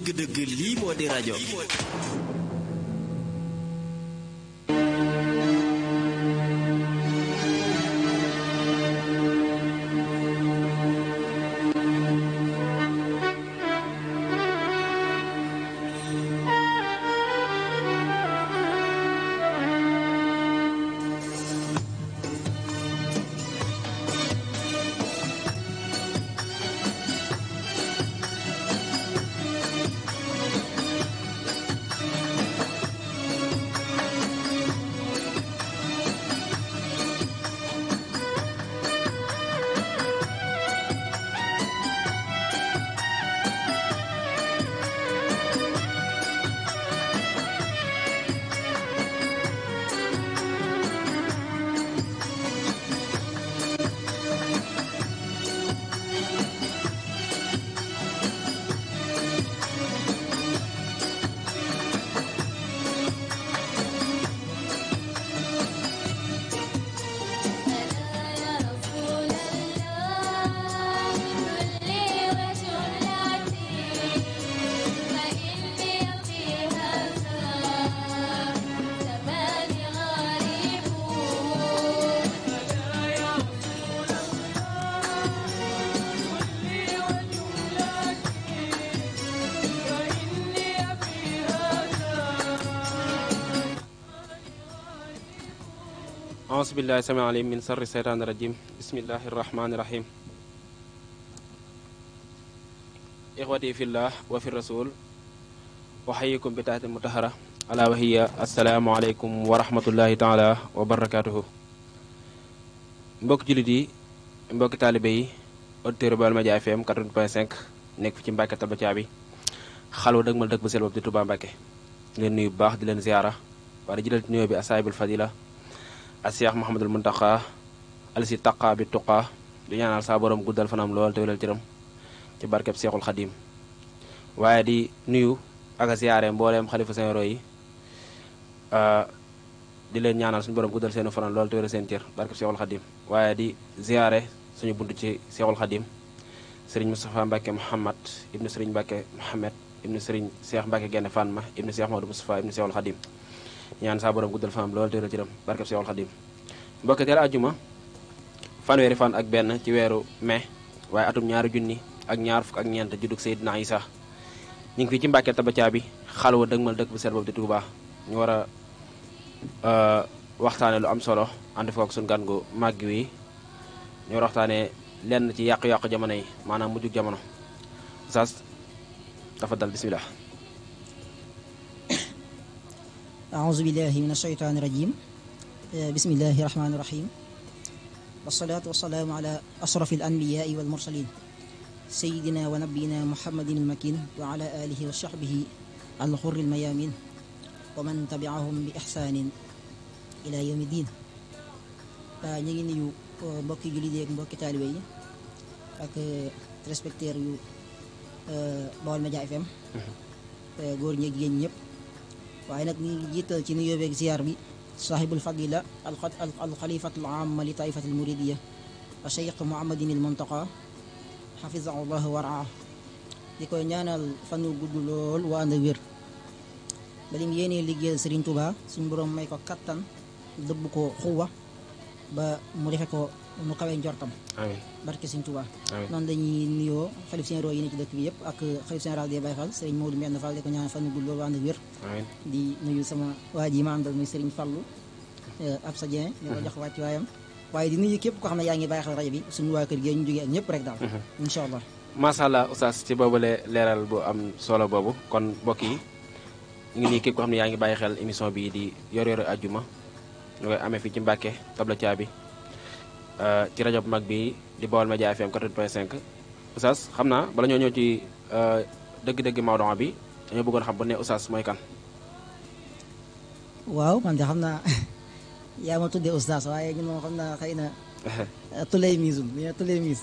dëgg-dëgg lii moo di rajo. ausbillahi sami alim min sarri seytaani rajim bismillahi irrahmani irahim ixwati fillah wa fi rasul waxayikum bi taati wa rahmatullahi mbokki jullit yi mbokki taalibe yi auditeur Baol nekk fi ci Mbàkke Taba Caabi xalwa dëgg mal dëkk ba sel di Tuubaa Mbàkke leen nuyu bu baax di leen ziyaara waaye jëlal nuyoo bi asaabul fadila asiyax Muhammadul Muntaqa alsi taqa bi tuqa di ñaanal saa borom guddal fanam lool te wéral cëram ci barkeb seexul xadim waaye di nuyu ak a siyaare mbooleem xalifa seen roy yi di leen ñaanal suñu borom guddal seenu fanam lool te wéral seen cër waaye di siyaare suñu bunt ci seexul xadim sëriñ Moustapha Mbacke Mouhamad ibnu sëriñ Mbacke Mouhamed ibnu sëriñ Cheikh Mbacke Genne Fatma ibnu Cheikh Maodo Moustapha ibnu seexul xadim ñaan saa borom guddal faam loolu téeral ci ram barkeb Seexul Xadim mbokk teel àjjuma fanweeri fan ak benn ci weeru mai waaye atum ñaari junni ak ñaar fukk ak ñeent juddug Seydina sax ñu ngi fii ci Mbàkke Tabacaa bi xalwa dëgmal dëkk bu set boobu di Tuubaa ñu war a euh, waxtaane lu am solo ànd fa ak suñu gan gu màgg wi ñu war waxtaane lenn ci yàq yàqu jamono yi maanaam mujjug jamono sas dafa dal bisimilah أعوذ بالله من الشيطان الرجيم بسم الله الرحمن الرحيم والصلاة والسلام على أشرف الأنبياء والمرسلين سيدنا ونبينا محمد المكين وعلى آله وصحبه الغر الميامين ومن تبعهم بإحسان إلى يوم الدين ñu ngi nuyu mbokki jullit yi ak mbokki taalibe yi ak respecteur yu Baol Média FM góor ñi jigéen ñëpp waaye nag ñu jiital ci nuyoo beeg ziar bi sahibul fadila al xalifatul aama li taifatil muridiya a cheikh mohamadin il muntaqa xafizahu llah waraa di koy ñaanal fan wu gudd lool waa ànd wér ba lim yéenee liggéeyal Serigne Touba suñu may ko kattan dëbb ko xuwa ba mu defe ko nu kawee njortam barke Sëñ Tuubaa noonu dañuy nuyoo xalif généraux yi ne ci dëkk bi yëpp ak xalif général des Baye Fall sëriñ Maodo Mbène Fall di ko ñaan fan yu gudd boobu nuyu sama waa ji ma àndal muy sëriñ Fallou eh, ab sa Dieng di ko jox wàcc waayam waaye di nuyu képp koo xam ne yaa ngi bàyyi xel rajo bi suñu waa kër gi ñu jógee ak ñëpp rek daal mhm. incha allah macha allah oustaz ci boobule leeral bu am solo boobu kon mbokk yi ngi nii képp koo xam ne yaa ngi bàyyi xel émission bi di yor yoru ajjuma ñu koy amee fii ci Mbàkke tabla caa bi Euh, ci rajo bu mag bi di Baol Média FM 88.5 Oustaz xam naa bala ñoo ñëw ci euh, dëgg-dëgg Maodo bi dañoo bëggoon xam bu ne Oustaz mooy kan. waaw man de xam naa yaa ma tuddee Oustaz waaye ñun moom xam naa xëy na. tulay misum li nga tulay mis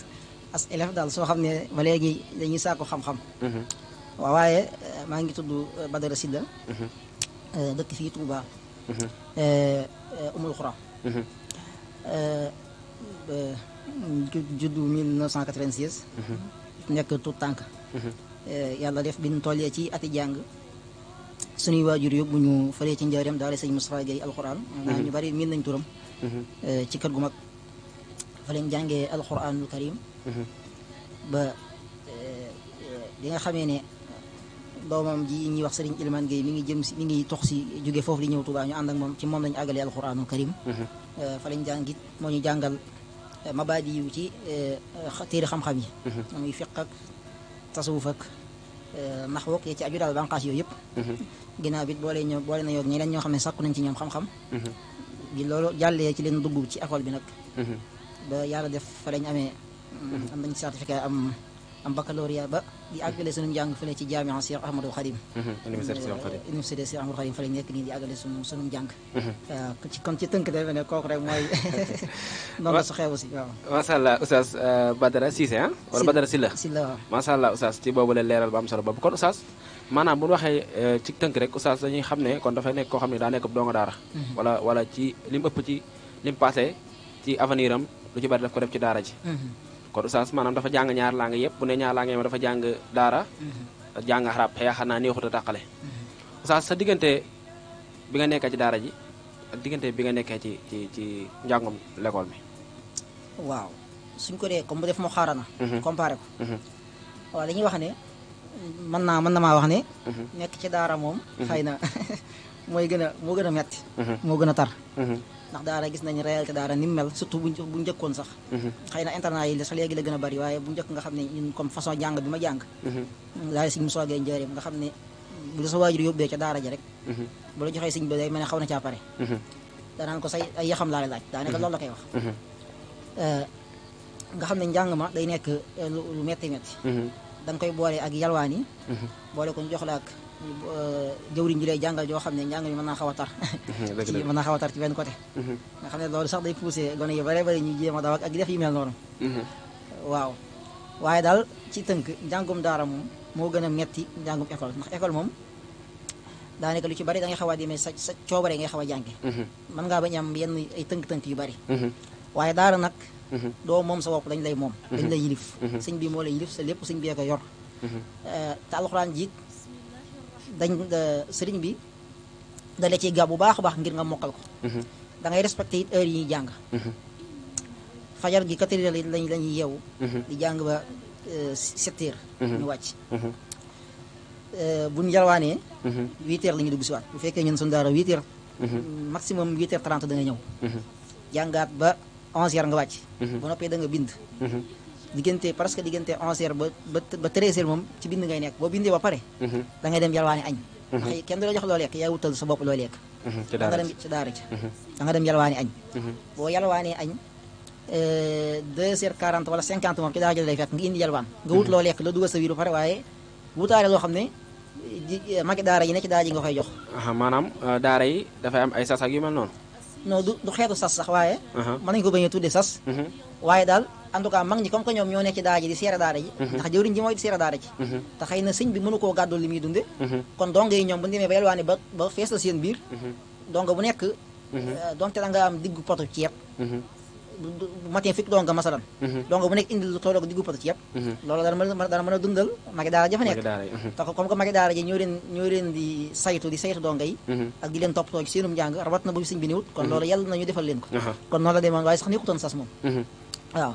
as élève daal soo xam ne ma léegi dañuy saako xam-xam. Mhm. waaw waaye euh, maa ngi tudd Badara Sylla mhm. dëkk fii Touba. Mhm. Umul Euh, euh, euh, juddu 1996. Mhm. nekk tout tànk mhm. yàlla def bi ñu tollee ci ati jàng suñuy waajur yóbbu ñu fële ci njaareem daara sëñ Moustapha Gueye alxuraan. Mhm. ndax ñu bari miin nañ turam. ci kër gu mag fa lañ jàngee alxuraanul karim. ba li nga xamee ne doomam ji ñuy wax sëriñ Ilman Gueye mi ngi jëm si mi ngi tox si jóge foofu di ñëw Touba ñu ànd ak moom ci moom lañu àggalee alxuraanul karim. Euh, fa lañ jàngit moo ñu jàngal euh, mabaadi yu ci euh, téere xam-xam yi mhm. muy fiq ak tasawuf ak naxwook yee ci aju daal banqaas yooyu yëpp mhm. ginnaaw bi boole ñoo boole na yoog ñeneen ñoo xam ne sàkku nañ ci ñoom xam-xam mhm. bi loolu jàllee ci leen dugg ci école bi nag ba yàlla def fa lañ amee am nañ am baccalauréat ba di àggale suñu njàng fële ci jaami'a mhm, Cheikh Ahmadou Khadim université Cheikh Ahmadou Khadim fa lañ nekk nii di àggale suñu suñu njàng mhm. ah, ci kon ci tënk defe ne kooku rek mooy noonu su xew ci boobu la leeral ba am solo boobu kon oustaz maanaam bu ñu waxee euh, ci tënk rek oustaz dañuy xam ne kon dafay nekk koo xam ne daa nekk donga daara mhm. wala ci li ëpp ci li mu ci avenir lu ci bari daf ko def ci daara ji kon oustaz maanaam dafa jàng ñaar laa nga yëpp bu ne ñaar laa nga yëpp dafa jàng daara mhm. jàng xarab te yaakaar naa neexut a tàqale mhm. oustaz sa diggante bi nga nekkee ci daara ji ak diggante bi nga nekkee ci ci ci njàngum l'école mi waaw suñ ko dee comme bu def mu xaarana mhm. comparé ko waaw dañuy wax ne mën na mën na maa wax ne nekk ci daara moom xëy na mooy gën a moo gën a moo gën a tar nax daara gis nañ réalité daara ni mel surtout bu bu njëkkoon sax mhm. xëy na internat yi sax léegi la gën a bari waaye bu njëkk nga xam ne ñun comme façon jàng bi ma jàng mhm. daara siñ mu soogee njëriñ nga xam ne bu la sa waajur yóbbee ca daara ja mhm. la joxee siñ bi day mel ne xaw na caa pare danaan ko say ay yaxam laa laaj daanaka loolu la wax eh, nga xam ne njàng ma day nekk eh, lu metti metti da nga koy boole ak yalwaan yi boole ko ñu la Euh, jëwriñ ji lay jàngal joo xam ne njàng mi mën naa a tar mhm, ci mën naa xaw a tar ci benn côté mhm. nga xam ne loolu sax day poussé gone yu bare bare ñu jéem a daw ak def yu mel noonu mhm. waaw waaye daal ci tënk njàngum daara moom moo gën a metti njàngum école ndax école moom daanaka lu ci bari da ngay xaw a sa sa coobare ngay xaw a jànge mën ngaa bañ am yenn ay tënk-tënk yu bari waaye daara nag doo moom sa bopp dañ lay moom dañ lay yilif sëñ bi moo lay yilif sa lépp sëñ bee yor euh, te alxuraan dañ sëriñ bi da la ciy bu baax a baax ngir nga mokkal ko mhm. da ngay heure yi ñuy jàng mhm. fajar gi quatre heures lañ la ñuy yeewu mhm. di jàng ba euh, sept heures ñu wàcc euh, bu ñu jarwaanee huit heures la ñuy dugg si waat bu fekkee ñun suñu daara huit heures maximum huit heures trente da nga ñëw jàngaat ba onze heures nga wàcc ba noppee da bind diggante parce que diggante 11h ba ba 13h moom ci bind ngay nekk boo bindee ba pare. Mhm. da ngay dem yalwaani añ. ndax mhm. kenn du loo lekk yaa wutal sa bopp loo lekk. Mhm, ci daara ci ci daara ci. da nga dem yalwaani añ. boo yalwaanee añ 2h40 euh, wala 50 moom ci daara ji lay fekk nga indi yalwaan. nga wut loo lekk loo dugal sa pare waaye wutaale loo xam ne. ji euh, daara yi ne ci daara ji nga koy jox. maanaam euh, daara yi dafay am ay sas ak yu noonu. non du xeetu sas sax waaye. mën a waaye daal en tout cas mag ñi comme que ñoom ñoo nekk ci daara ji di seere daara ji mhm. ndax jëwriñ ji mooy di seere daara ji mhm. te xëy na sëñ bi mënu koo gàddu li muy dunde mhm. kon donga yi la seen biir euh, diggu potu ceeb matin fukki donga masalan a dundal magi daara jafa nekk ñoo leen di saytu di saytu donga yi ak di leen toppatoo ci seenum njàng rawat na bu sëñ bi niwut kon loolu yàlla nañu defal leen ko kon noonu la demoon waaye sax nekkutoon sas moom waaw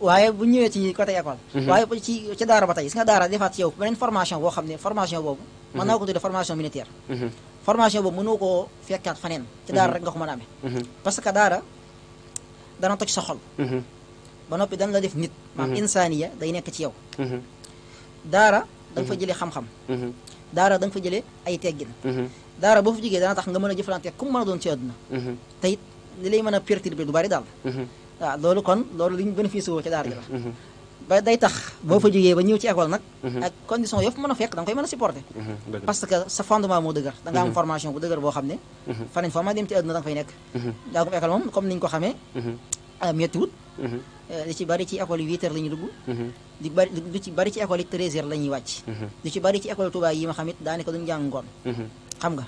waaye bu ñëwee ci côté école mhm. waaye ci ci daara ba tey gis nga daara defaat ci yow beneen formation boo xam ne formation boobu mhm. mën naa ko tudde formation militaire mhm. formation boobu mënoo koo fekkaat faneen ci daara ko mën a amee parce que daara dana toj sa xol ba noppi dañ la def nit maam insaaniya day nekk ci yow daara da nga fa jëlee xam-xam daara da nga fa jëlee ay teggin daara boo fa jógee dana tax nga mën a jëflante ku mu mën a doon ci àdduna te it li lay mën a perturbé du bari daal waaw ah, loolu kon loolu li ñu bénéficié woo ci daara mhm. Mhm. ba day tax boo fa jógee ba ñëw ci école nag mhm. ak condition yoo fa a fekk da que sa fondement moo dëgër da nga am formation bu dëgër boo xam ne fanañ foo dem ci àdduna da fay nekk njàngum école bari ci école yi huit la ñuy dugg di bari ci bari ci école yi la ñuy wàcc lu ci bari ci école xam it daanaka duñ jàng ngoon xam nga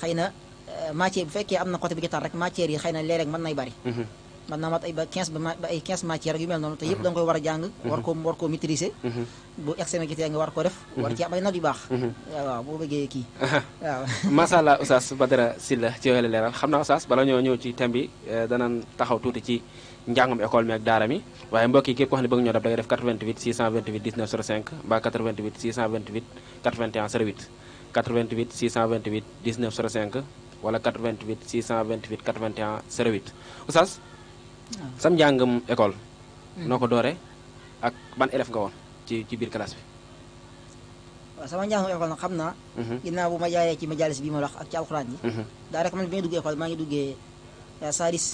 xëy na eh, matière bu fekkee am na côté bi ci tar rek matière yi xay na léeg-léeg mën nay bari man naa mat ay ba 15 ba ay 15 matières yu mel noonu te yëpp da koy war a jàng mhm. war koo war koo maîtriser mhm. bu examen jotee war ko def mhm. war ci am ay note yu baax waaw boo bëggee kii waaw macha allah Oustaz Badara Sylla ci yooyu la leeral xam naa Oustaz bala ñoo ñëw ci thème bi eh, danañ taxaw tuuti ci njàngum école mi ak daara mi waaye mbokk yi képp ko xam ne bëgg ñoo dab da def 88 628 19 05 mbaa 88 628 81 08 88 628 19 05 wala 88 628 81 08 Ah. sam njàngam école. noo ko dooree ak ban élève nga woon ci ci biir classe bi. waaw sama njàngam école nag xam naa. Mhm. ginnaaw bu ma jaaree ci majalis bi ma wax ak ci alxuraan yi. Mhm. daa rek man bi may duggee école maa ngi duggee euh, Sadis.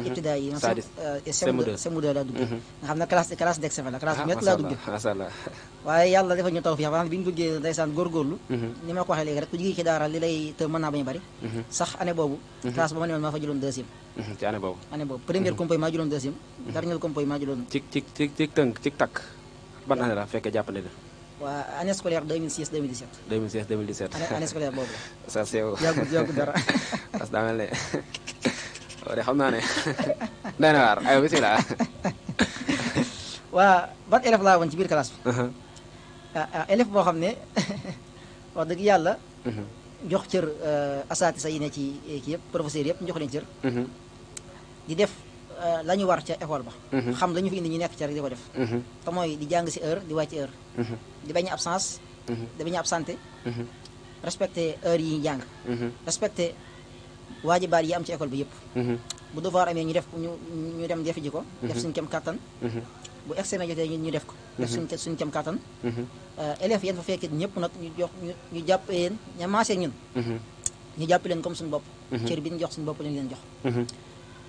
ibtidaa yi CM2 laa duggee nga xam ne classe classe d'excellence la classe bu métti laa duggee maasàllaa waaye yàlla dafa ñu taw fii xam bi ñu duggee ndeysaan góorgóorlu ni ma ko waxee léegi rek ku jigéen ci daara li lay te mën naa bañu bari sax année boobu classe ba ma newoon maa fa jëloon deuxième ci année boobu année boobu première compo yi maa jëloon deuxième dernière compo yi maa jëloon ci ci ci ci tënk ci takk ban année la fekkee jàppale la waa année scolaire 2016 2017. 2016 2017 année scolaire boobu la. ça c'est yàggul yàggul dara. parce que daa mel ne waaw de xam naa ne day na waar aywa bisimilah. waa ban élève laa woon ci biir classe bi. Uh-huh. Ah, ah, boo xam ne wax dëgg yàlla. Uh-huh. jox cër euh, asaati sa yi ne ci kii yëpp professeurs yëpp jox leen cër. Uh-huh. di def euh, lañu ñu war ca école ba. xam la ñu fi indi ñu nekk ca rek di ko def. te di jàng si heure di wàcc heure. di bañ absence. di bañ absenté. respecté heure yi ñu jàng. waajibaat yi am ci école bi yëpp mhm. bu devoir amee ñu def ñu ñu dem defi ji ko def mhm. suñu kem kattan mhm. bu examen jotee ñu def ko def suñ suñu kem kattan euh, élèves yéen fa fekkee ñëpp nag ñu jox ñu jàpp yéen ña maasee ñun ñu jàpp leen comme suñu bopp cër bi ñu jox suñ bopp lañ leen jox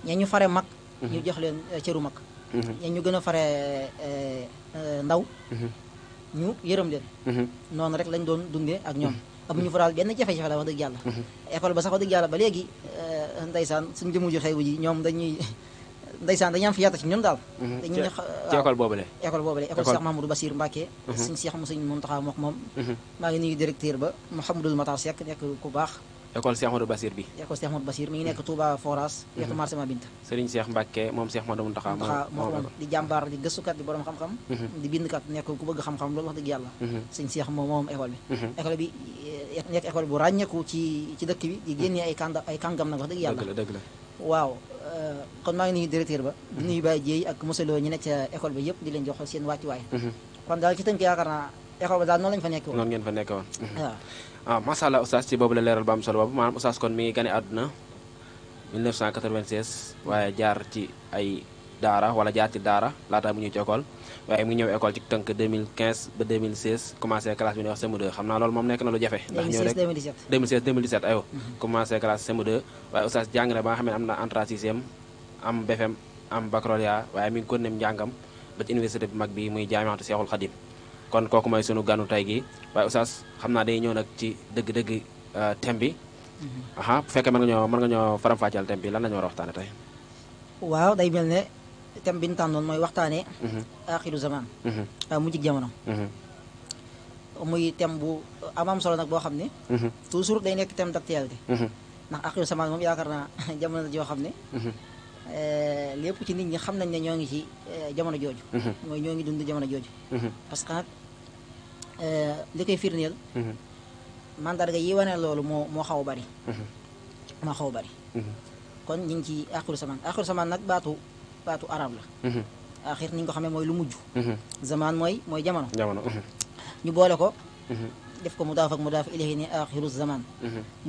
ña ñu fare mag ñu jox leen euh, cëru mag ña ñu gën a fare euh, ndaw ñu yërëm leen noonu rek lañ doon dundee ak ñoom amuñu fa daal benn jafe-jafe la wax dëgg yàlla mhm. école ba sax wax dëgg yàlla ba léegi euh, ndeysaan suñ jëmu ju xew ji ñoom dañuy ndeysaan dañu am fi yaata ci ñun daal mhm. dañuy ci école boobale école boobale école Cheikh Mahamadou Bassir Mbacké mhm. suñ Cheikh Moussa Mountakha mook moom maa ngi nuyu directeur ba Mouhamadoul Matar Seck nekk ku baax école Cheikh Modou Bassir bi école Cheikh Modou Bassir mi ngi nekk Touba Foras wetu marché ma Binta Serigne Cheikh Mbacké moom Cheikh Modou Mountakha moo moom di jàmbaar di gëstukat di borom xam-xam di bindkat nekk ku bëgg xam-xam loolu wax dëgg yàlla suñ Cheikh moom moom école bi bi nekk école bu ràññeeku ci ci dëkk bi di mm. génnee ay kànga ay kàngam nag wax dëgg yàlla waaw euh, kon maa ngi nuyu directeur ba di mm-hmm. nuyu Baye Dieye ak monsieur Lo nekk ca école ba yëpp di leen jox seen wàccuwaay mm-hmm. kon daal ci tënk yaakaar naa école ba daal noonu lañ fa nekk woon noonu ngeen mm-hmm. ah, ci boobu la leeral ba am solo boobu maanaam oustaz kon mi gane àdduna waaye jaar ci ay daara wala jaati daara laataa mu ñëw ci école waaye mu ngi ñëw école ci tënk 2015 ba 2016 commencé classe bi ñuy wax cm xam naa loolu moom nekk na lu jafe ndax ñëw mhm. e waaye mi ngi kon nem njàngam ba ci université bu mag bi muy jaamiatu Seexul Xadim kon kooku mooy sunu ganu tey gi waaye oustaz xam naa day ñëw nag ci dëgg-dëgg euh, thème bi mhm. aha bu fekkee mën nga ñoo mën nga ñoo faram-fàcceel thème bi lan la ñu war a waxtaane tey waaw day mel thème bi ñu tànnoon mooy waxtaanee. Mhm. axiru zaman. Mhm. Ah, mujjig jamono. Mhm. muy thème bu amam solo nag boo xam ne. toujours day nekk thème de ndax axiru zaman moom yaakaar naa jamono joo xam ne. Eh, ci nit ñi xam nañ ne ñoo ngi ci eh, jamono jooju. mooy ñoo ngi dund jamono jooju. parce que nag eh, li koy firndeel. mandarga yi wane loolu moo moo xaw a bari. moo xaw bari. kon ñu ci axiru zaman axiru zaman nag baatu. baatu arab la mhm. axir ni ñu ko xamee mooy lu mujj mhm. zamaan mooy mooy jamono mhm. ñu boole ko def ko mudaaf ak mudaaf ilayhi ne axiru zaman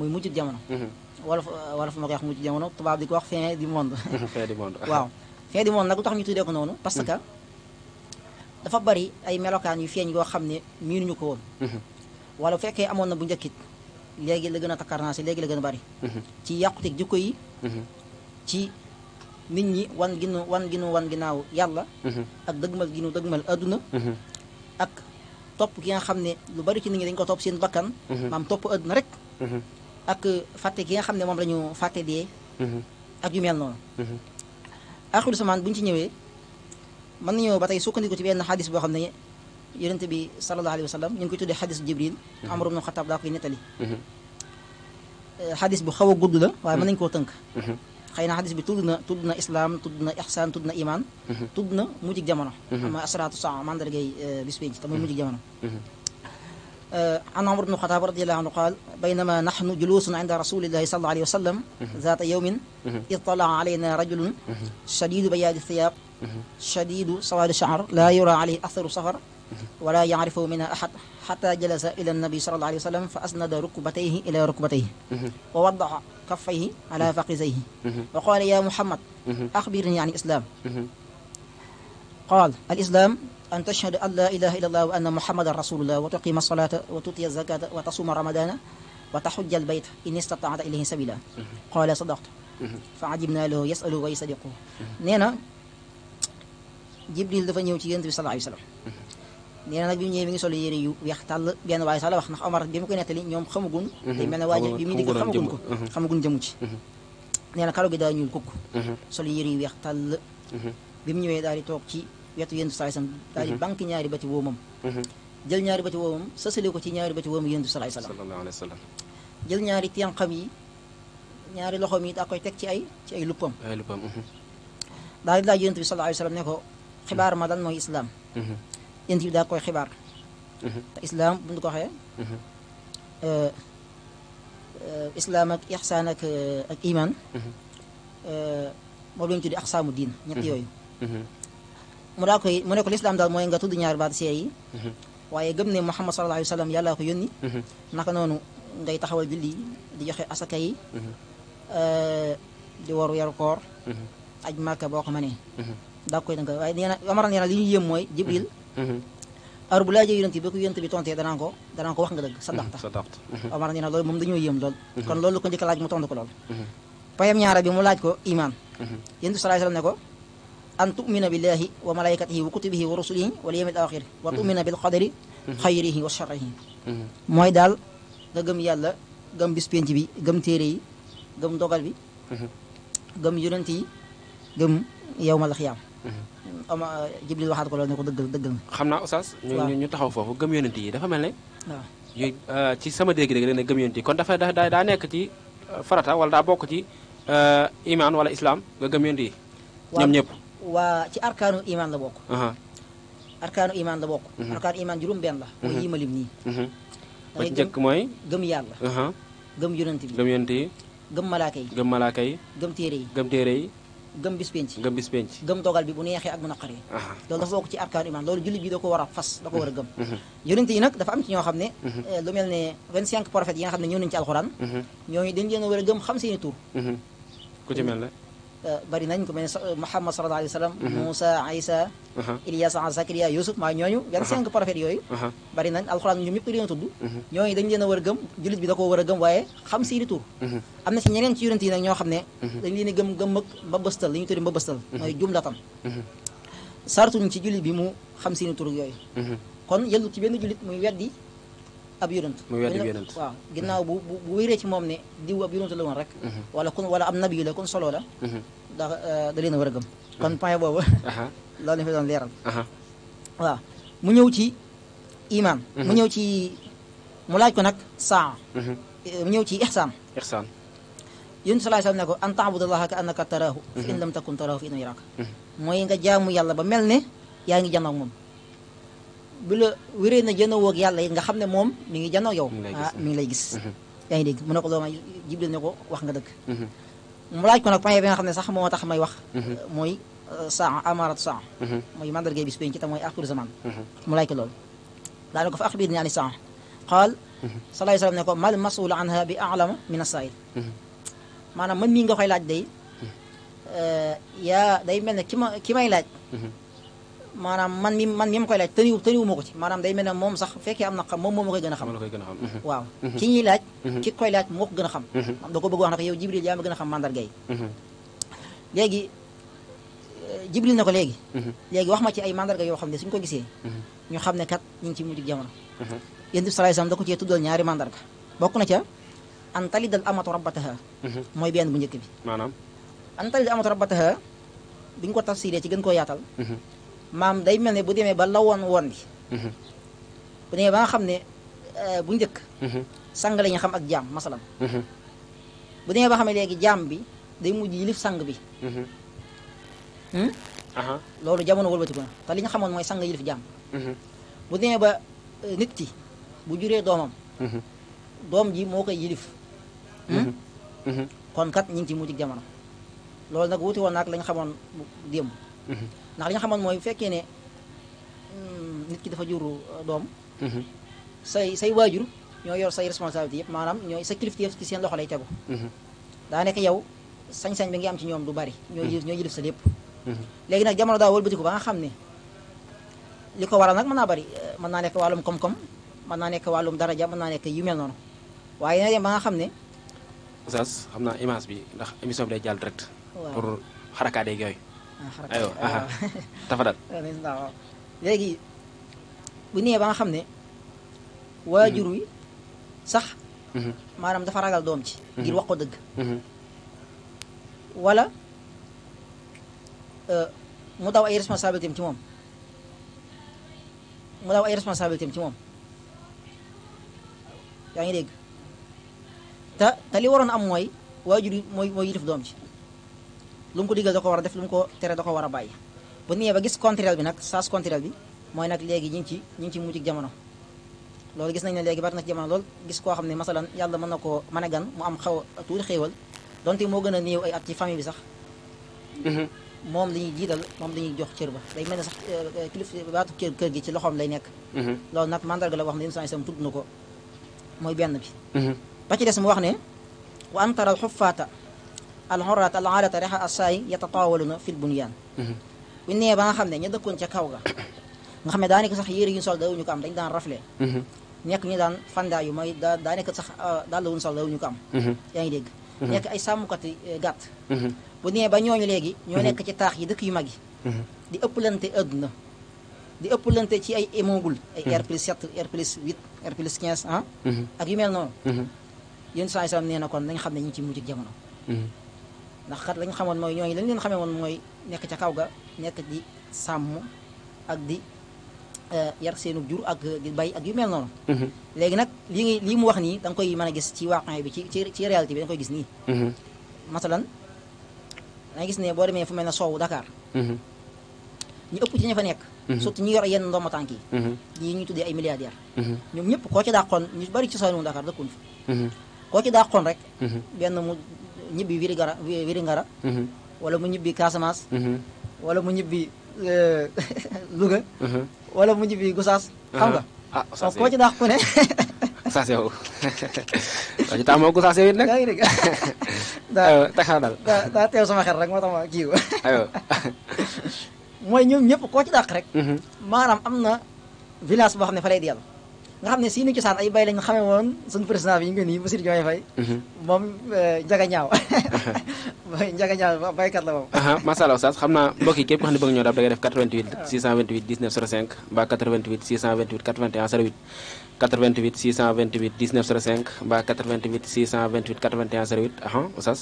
muy mujj jamono wolof euh, wolof ma koy wax mujj jamono tubaab di ko wax fin du monde fin du monde waaw fin du monde nag lu tax ñu tuddee ko noonu parce dafa bari ay melokaan yu feeñ yoo xam ne miinuñu ko woon wala bu fekkee amoon na bu njëkkit léegi la gën a takkarnaase léegi la gën a bari ci yàqute jikko nit ñi wan ginu wan ginu wan ginnaaw yàlla mhm. ak gi ginu dëgmal adduna mhm. ak topp ki nga xam ne lu bari ci nit ñi dañ ko topp seen bakkan mhm. maam topp adduna rek ak fàtte gi nga xam ne moom lañu ñu fàtte dee ak yu mel noonu aaxiru samaan bu ñu ci ñëwee mën nañoo ba tey sukkandiku ci benn xadis boo xam ne yonent bi sallallahu alayhi wa sallam ñu ngi koy tuddee xadis jibril amar ibnu xataab daa koy nettali eh, xadis bu xaw a gudd la waaye mën nañu koo xëy na xadis bi tudd na tudd na islam tudd na ihsaan tudd na iman mhm. tudd na mujjig jamono mhm. ama asraatu saa mandargay eh, bis pénc te mooy mujjig jamono mhm. eh, an Umar ibn Xataab radiyallahu anhu qaal baynama nahnu juluusun inda rasulillahi sallallahu alayhi wa sallam zaata yawmin ittala'a alayna rajulun shadidu bayaadi thiyaab shadidu sawaadi sha'r laa yura alayhi atharu safar wala yaarifu minha ahad xata jalasa ila annabi sallallahu alayhi wa sallam fa asnada rukbatayhi ila rukbatayhi wa wadaxa kaffayhi ala faqisayhi wa qaala ya muhammad axbirni an islam qaal al islam an tashhada an la ilaha illa allah wa anna muhammadan rasulullah wa tuqima salata wa tutiya zakata wa tasuma ramadana wa taxujja albayta in istataata ilayhi sabila qaala sadaqta fa ajibna lahu yasalu wa yasadiqu nee na jibril dafa ñëw ci yonent bi sallallahu alayhi wa sallam nee na nag bi mu ñëwee mi ngi sol yére yu weex tàll benn waaye sax la wax ndax Omar bi mu koy nettali ñoom xamagun day mel mhm. ne waaje bi muy digg xamagun ko mhm. xamagun jëmu ci mhm. nee na karo gi daa ñuul kukk sol yére yu weex tàll bi mu ñëwee daal toog ci wetu yendu salaay salaam daal di banque ñaari bati woomam jël ñaari bati woomam salaay salaam jël ñaari yi ñaari loxoom yi daa koy teg ci ay ci ay luppam daal di laaj yonent bi sallallahu alayhi wa sallam ne ko xibaar ma mooy islaam yéen bi daa koy xibaar. Mhm. te islam bu ko waxee. Mhm. Euh, euh, islam ak ixsaan ak euh, ak iman. Mhm. moom la ñu tuddee axsaamu diin. ñett yooyu. mu daa koy mu ne ko lislaam daal mooy nga tudd ñaar baat seer yi. waaye gëm ne Muhammad sallallahu alayhi wa sallam ko yónni. naka noonu ngay taxawal julli di joxe asaka di war weeru koor. aj màkka boo ko mënee. daa danga waaye nee na Omar nee Jibril. heure bu laajee yonent bi ko yonent bi tontee danaan ko danaan ko wax nga dëgg sadaqta mm-hmm, sadaqta mm-hmm. Omar nee na loolu moom dañoo yéem lool mm-hmm. kon loolu ko njëkk mu tontu ko lool payam ñaara bi mu laaj ko iman yonent bi ne ko an tumina billahi wa malaikatihi wa kutubihi wa rusulihi wal yawmil akhir wa tumina bil qadari xayrihi wa sharrihi mooy daal nga gëm yàlla gëm bis penc bi gëm téere yi gëm dogal bi gëm yonent yi gëm yawmal ama Jibril waxaat ko loolu ne ko dëggal dëggal na xam naa oustaz ñu taxaw foofu gëm yonent yi dafa mel ne euh, ci sama dégg-dégg ne gëm yonent yi kon nekk ci euh, farata wala daa bokk ci euh, iman wala islam nga gëm yonent yi ñoom ñëpp waa ci arkaanu iman la bokk arkaanu iman la bokk mhm. arkaanu iman juróom benn la mooy mhm. yi ma lim nii mhm. gëm yàlla gëm yonent yi gëm malaaka yi gëm téere yi gëm bis penc gëm dogal bi bu neexee ak bu loolu dafa bokk ci arkaan iman loolu jullit bi da ko a fas da ko war a gëm mhm. Mhm. yonent nag dafa am ci ñoo xam ne mhm. eh, lu mel ne 25 prophètes yi nga xam ne ñëw nañ ci alxuraan dañ leen a war a gëm xam seeni tur ku ci mel ne Eh, bari nañ ku mel ne eh, Muhammad sallallahu alayhi wa sallam Moussa a Ilyas Zakariya Yusuf maa ñooñu 25 uh-huh. prophètes yooyu uh-huh. bari nañ alxuraan ñoom ñëpp dañoo tudd uh-huh. ñooñu dañ leen a war a gëm jullit bi da koo war a gëm waaye xam seeni tur am na si ñeneen ci yonent yi nag ñoo xam ne dañ leen a gëm gëm ak ñu tuddee mbabastal mooy jumlatam sartuñ ci jullit bi mu xam tur yooyu kon yellu ci benn jullit muy weddi ab yonent mu weddi yonent mm-hmm. bu bu wéree moom ne diw ab yonent la woon rek mm-hmm. wala kon wala am nabi la kon solo la mm-hmm. euh, da da a war a gëm kon point boobu loolu ñu fi leeral mu ñëw ci iman mu ci mu laaj ko nag saa euh, mu ñëw ci ihsaan ihsaan yonent sallallahu alayhi wasallam ne ko an ta'budallaha ka annaka taraahu fa in lam takun taraahu fa innahu yaraaka mooy nga yàlla ba mel ne yaa ngi jàmm ak moom bu la wéree na janoo ak yàlla nga xam ne moom mi ngi janoo yow ah mi ngi lay gis mm-hmm. yaa ngi dégg mu ne ko loo may jibril ne ko wax nga dëgg mm-hmm. mu laaj ko nag point bi nga xam ne sax moo tax may wax mm-hmm. mooy euh, saa amarat saa mooy mandargay bis pénc ci tam mooy axiru zaman mu laaj ko loolu laa ne ko fa axbir ni ani saa qaal salaay salaam ne ko mal masul anha bi alama min asail maanaam man mii nga koy laaj day euh, yaa day mel ne ki ma ki maanaam man mi man mi ma koy laaj tëriw tëriw ma ko ci maanaam day moom sax fekkee am na xam moom moo ma koy gën a xam mm-hmm. Mm-hmm. waaw ki ñuy laaj mm-hmm. ki koy laaj moo ko gën a xam da ko bëgg wax ne ko yow a léegi eh, jibril na ko léegi léegi wax ma ci ay mandarga yoo xam ne suñu ko gisee ñu xam ne kat ñu ngi ci mujj jamono yéen bi sallallahu alayhi wasallam da ko cee tuddal ñaari mandarga bokk na ca an talidal amatu rabbataha mooy benn bu njëkk bi maanaam an talidal amatu rabbataha bi ñu ko tafsiree ci gën koo yaatal maam day mel ne bu demee ba lawoon woon bi mhm. bu demee ba nga xam ne euh, bu njëkk mhm. sang la xam ak jaam masalan mhm. bu demee ba xam ne léegi jaam bi day mujj yilif sang bi hmm? loolu jamono wëlbatiku na te li ñu xamoon mooy sang yilif jaam bu demee ba euh, nit ki bu juree doomam doom ji moo koy yilif hmm? kon kat ñu ngi ci mujj jamono loolu nag wuti woon naag la xamoon démb ndax li nga xamoon mooy bu fekkee ne hmm, nit ki dafa jur uh, doom mhm. say say waajur ñoo yor say responsabilité yëpp maanaam ñooy sa kilifteef ci seen loxo lay tegu mhm. daanaka yow sañ-sañ bi nga am ci ñoom du bari ñoo mhm. ñoo jëlif sa yëpp léegi nag jamono daa wëlbatiku ba nga xam ne li ko waral nag mën naa bari uh, mën naa nekk wàllum koom-koom mën naa nekk wàllum daraja mën naa nekk yu mel noonu waaye na dem ba nga xam ne Oustaz xam naa image bi ndax émission bi day jàll direct pour xarakaat yooyu aywa tafadal léegi bu nee ba nga xam ne waajur wi sax mhm. maanaam dafa ragal doom ji mhm. ngir wax ko dëgg mhm. wala euh, mu daw ay responsabilité am ci moom mu daw ay responsabilité am ci moom yaa ngi dégg te te li waroon am mooy waajur yi mooy mooy yilif doom ji lu mu ko digal da ko war a def lu mu ko tere da ko war a bàyyi bu ñu ba gis contraire bi nag sens contraire bi mooy nag léegi ñi ngi ci ñi ngi ci mujj jamono loolu gis nañ na léegi bari na ci jamono lool gis koo xam ne masalan yàlla mën na koo mën a gan mu am xaw a tuuti xéewal donte moo gën a néew ay at ci famille bi sax mhm. moom la jiital moom la jox cër ba day mel ne sax euh, euh, kilif baatu kër kër gi ci loxoom lay nekk mhm. loolu nag mandarga la wax ne yéen saa sam na ko mooy benn bi mhm. alxorat a rexa asaay yatatawaluna fil bunyan bu ñu nee ba nga xam ne ña dëkkoon ca kaw ga nga xam ne daanaka sax yére yu ñu sol dawuñu ko am dañ daan rafle nekk ñu daan fanda yu sax daal la wuñu sol dawuñu ko am yaa ngi dégg nekk ay sàmmkati gàtt bu nee ba ñooñu léegi ñoo nekk ci taax yi dëkk yu mag yi di ëpplante adduna di ëpplante ci ay immeuble ay R plus 7 R plus 8 R yu mel noonu yéen saa yi nee na kon nañ xam ne ñu ci mujj ndax xat lañ xamoon mooy ñooñu lañ leen xamee woon mooy nekk ca kaw ga nekk di sàmm ak di eh, yar seenu jur ak di bay ak yu mel noonu mhm. léegi nag lii ngi mu wax nii da koy mën a gis ci waaqan bi ci ci réalité bi da nga koy gis nii mhm. masalan da nga gis ne boo demee fu mel na soowu Dakar mhm. ñu ëpp ci ña fa nekk surtout ñu yor yenn ndomba tànk yi ñii ñuy ay milliardaires ñoom ñëpp koo ci dàqoon ñu bari ci soonu Dakar dëkkuñ koo ci dàqoon rek ñibbi wiri gara wiri ngara wala mu ñibbi Casamance mhm. wala mu ñibbi euh, Louga mhm. wala mu ñibbi Gosaas mhm. xam nga ah Gosaas koo ci daax ku ne moo Gosaas yow it nag daa teew sama xel rek ma kii ayo mooy ñoom ñëpp koo ci dàq rek maanaam am na village boo xam ne fa lay nga xam ne si nu cosaan ay bay lañ xamee woon suñu président bi ñu ngi nii Bassirou Diomaye Faye mhm. moom eh, njaga ñaaw njaga ñaaw baykat la moom macha allah oustaz xam naa mbokk yi képp ko xam ne bëgg ñoo daal da ngay def 88 628 19 05 mbaa 88 628 81 08 88 628 19 05 mbaa 88 628 81 08 aha oustaz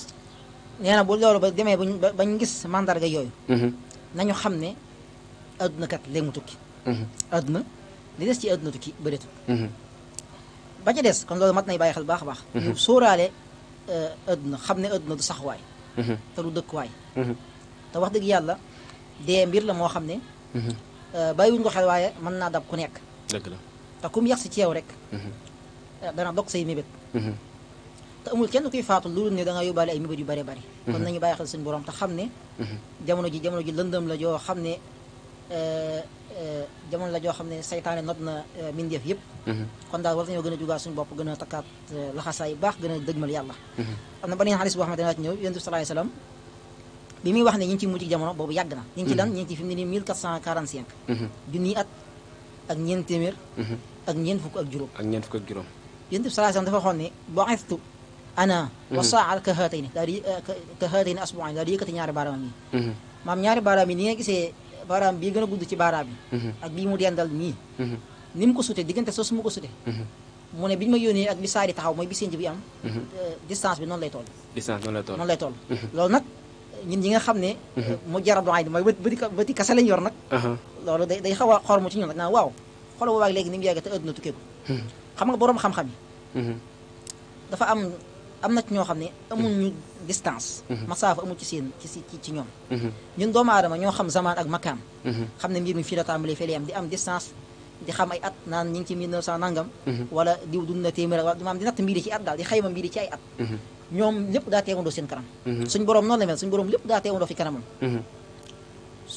nee na bu loolu ba demee bañ gis mandarga yooyu mhm. nañu xam ne adduna kat léegi mu tukki mhm. adduna li des ci àdduna tukki bëreetul mhm. ba ca des kon loolu mat nay bàyyi xel baax a baax mhm. ñu sóoraale euh, àdduna xam ne àdduna du saxwaay mhm. te dëkk dëkkuwaay te wax dëgg yàlla dee mbir la moo xam ne euh, bàyyiwuñ ko xel waaye mën naa dab ku nekk dëgg la te kum yàq ci yow rek euh, dana dog say mébét te amul kenn kuy faatu loolu ne da nga ay mébét yu bare bari kon nañu bàyyi xel suñu borom ta xam ne jamono ji jamono ji lëndëm la joo xam ne Euh, jamono la joo xam ne saytaane not na a euh, yëpp mhm. kon daal war nañoo gën a jugaat suñu bopp gën a takkaat euh, laxasaay baax gën a dëgmal yàlla mhm. am na beneen xaalis boo xamante ne naa ci ñëw yonent bi salaay salaam bi ci mujj jamono boobu yàgg na ñi ci lan mhm. ñi ngi ci fi mu ne nii 1445 junniy at ak ñeent téeméer ak ñeent fukk ak juróom ak ñeent fukk ak juróom yonent bi salaay salaam dafa waxoon ne ana wa saa ka haatayni daal di ka haatayni asbu'ayni daal di yëkkati ñaari baaraam yi maam baaraam bii gën a gudd ci baaraam yi mhm. ak bii mu dendal nii mhm. ni mu ko sute diggante soo su mu ko sute mhm. mu ne bi ñu ma yónnee ak bi saari taxaw mooy bi sénj bi am euh, distance bi noonu lay loolu nag ñun ñi nga xam ne euh, mu jarab mooy bëti bëti kase lañ nag uh-huh. loolu day day xaw a xormu ci ñun nag naan waaw xoolal boobaag léegi ni mu yàgg te adduna tukkeeku xam nga boroom xam-xam dafa am am na ci ñoo xam ne amuñu mhm. distance mhm. masaafa amul ci seen ci ci ñoom mhm. ñun doomu aadama ñoo xam zamaan ak makaan xam ne mbir mi fii la tàmbalee fii la yem di am distance xam ay at naan ñu ci 1900 nangam wala wala maam di natt mbiri ci at daal di xayma mbiri ci ay at ñoom lépp daa teewandoo seen kanam suñ borom noonu la mel suñ borom lépp daa teewandoo fi kanamam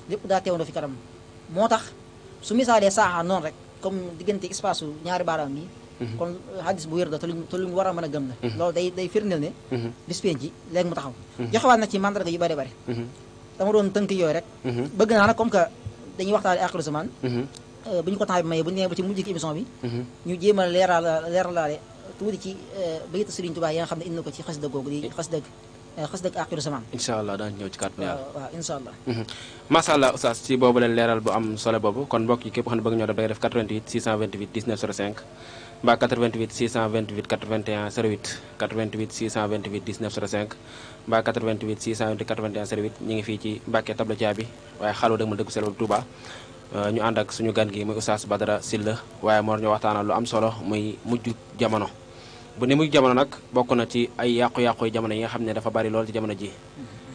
lépp daa teewandoo fi kanamam moo tax su misaalee saaxa noonu rek comme diggante espace ñaari baaraam yi Mhm. kon xadis bu wér da te luñ te luñ war a mën a gëm la mhm. loolu day day firndeel ne mhm. bis ji léegi mu taxaw joxewaat na ci mandarga yu bari bari dama doon tënk yooyu rek bëgg naa nag euh, ci mujj ki émission bi ñu jéem a leeral leeralaale tuuti ci euh, bayit Sëriñ Tuubaa yi nga xam ne indi ko ci xas dëgg googu di xas dëgg xas zaman incha allah daañu ñëw ci kàttanu yàlla waaw incha allah macha allah ci boobu leen leeral bu am solo boobu kon mbokk yi képp xam ne bëgg mbaa 88 628 81 08 88 628 19 05 mbaa 88 628 81 08 ñu ngi fii ci Mbàkke tabla caabi waaye xalu dëgg ma dëgg sel bu Touba ñu ànd ak suñu gan gi muy Oustaz Badara Sylla waaye moo ñu waxtaanal lu am solo muy mujj jamono bu ne mujj jamono nag bokk na ci ay yàqu-yàqu jamono yi nga xam ne dafa bari lool ci jamono ji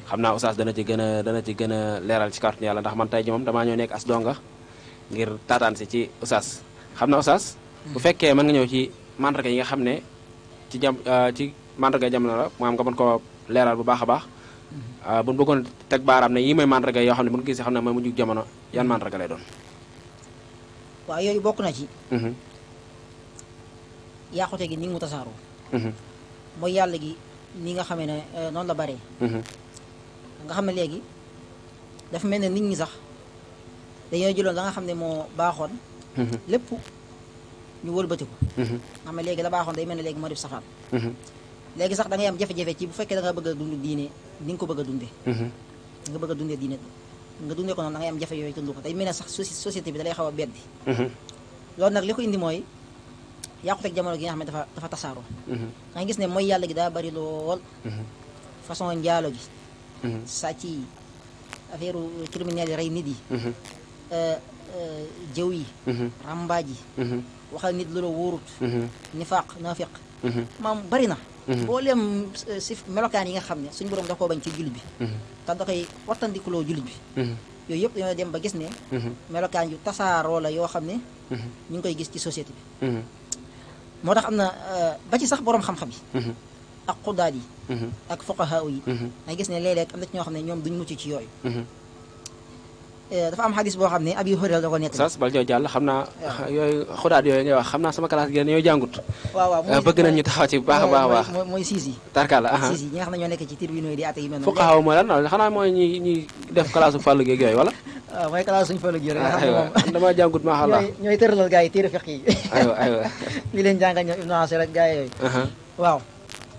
xam naa Oustaz dana ci gën a ci gën a leeral ci kàttan yàlla ndax man tey ji moom damaa ñoo nekk as donga ngir taataan bu fekkee mën nga ñëw ci mandarga yi nga xam ne ci jam euh, ci mandarga jamono la maanaam nga mën ko leeral bu baax a baax euh, bu bëggoon teg baaraam ne yi mooy mandarga yoo xam ne bu ñu gisee xam ne mooy mujj jamono yan mandarga lay doon. waaw yooyu bokk na ci. Mm-hmm. yàqute gi ni mu tasaaroo. Mm-hmm. mooy yàlla gi ni nga xamee ne euh, noonu la bare. Mm-hmm. nga xam ne léegi dafa mel ne nit ñi sax dañoo jëloon la nga xam ne moo baaxoon. lépp ñu wëlbati ko mhm. xam ne léegi la baaxoon day mel léegi moo def safaan mhm. léegi sax da ngay am jafe-jafe ci bu fekkee da nga bëgg a dund diine ni ko bëgg a dundee da mhm. nga bëgg a dundee diine nga dundee ko noonu da ngay am jafe yooyu dund ko day mel ne sax société bi da lay xaw a beddi loolu nag li ko indi mooy yàquteeg jamono gi nga xam dafa dafa tasaaroo da ngay gis ne mooy yàlla gi daa bari lool façon njaalo gi sàcc yi affaire criminel yi rey nit yi euh, Euh, jëw yi mhm. ràmbaaj yi mhm. waxal nit lu la wóorut mhm. nifaaq naafiq maam bari na mboolem euh, si melokaan yi nga xam ne suñ borom da koo bañ ci jullit bi te da koy wattandikuloo jullit bi yooyu yëpp dañoo dem ba gis ne melokaan yu tasaaroo la yoo xam ne ñu ngi koy gis ci société bi moo tax am na euh, ba ci sax boroom xam-xam yi ak xuddaat yi ak fuqahaa yi danga gis ne léeg am na ñoo xam ne ñoom duñ mucc ci yooyu Eh, dafa am xadis boo xam ne abi Hurayra da ko nekk. sas bal ñoo jàll xam naa. yooyu xudaat yooyu ngay wax xam naa sama classe gi ñoo jàngut. waaw waaw eh, bëgg nañ ñu taxaw a a baax. mooy mooy siis yi. yooyu wala. Ah, ah, jàngut maa xalaat ñooy ñooy tëralal gars yi téere fiq yi. aywa aywa ñu leen jàngal ñoom Ibnu Asir ak yooyu. waaw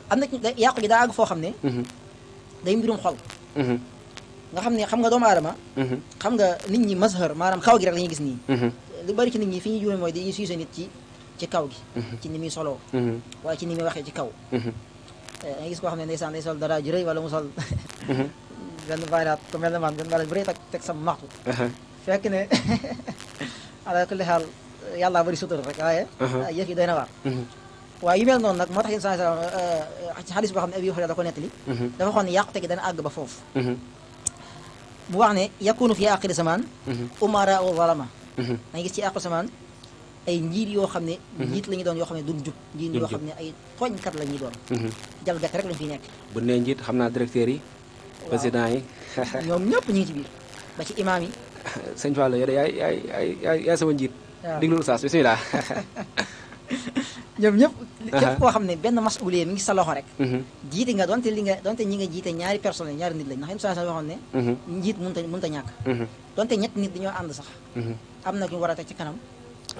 am na yàqu gi daa àgg foo xam ne. Mhm. day mbirum xol mhm. nga xam ne xam nga doomu aadama mhm. xam nga nit ñi mazhar maanaam kaw gi rek la ñuy gis nii mhm. lu bari ci nit ñi fi ñuy juumee mooy dañuy suuse nit ci ci kaw gi mhm. ci ni muy soloo wala ci ni muy waxee ci kaw eh, nga gis koo xam ne ndeysaan day sol dara ju rëy wala mu sol benn baylaat ko mel ne man benn baylaat bu rëy na waar waaye yu mel noonu nag moo tax yéen saa eh, eh, ci xadis boo xam ne dafa xoon ne yàqute dana àgg ba foofu bu wax ne yakunu fi àqiri samaan mhm. umara wa zalama mhm. dañu gis ci àqiri ay njiit yoo xam ne mhm. njiit la ñu doon yoo xam ne duñ jub njiit yoo xam ne ay tooñkat la ñuy doon jalgat rek la fiy nekk bu nee njiit xam naa directeur yi président yi ñoom ñëpp njiit ngi ci biir ba ci imaam yi sëñ Fallou yow de yaay yaay yaay sama njiit déglu oustaz bismillah ñoom ñëpp képp koo xam ne benn masuulee mi ngi sa loxo rek mhm. jiite nga donte li nga donte ñi nga jiite ñaari personne la ñaari nit lañ ndax yém saa waxoon ne mhm. njiit mhm. sax am na ku ñu war a teg ci kanam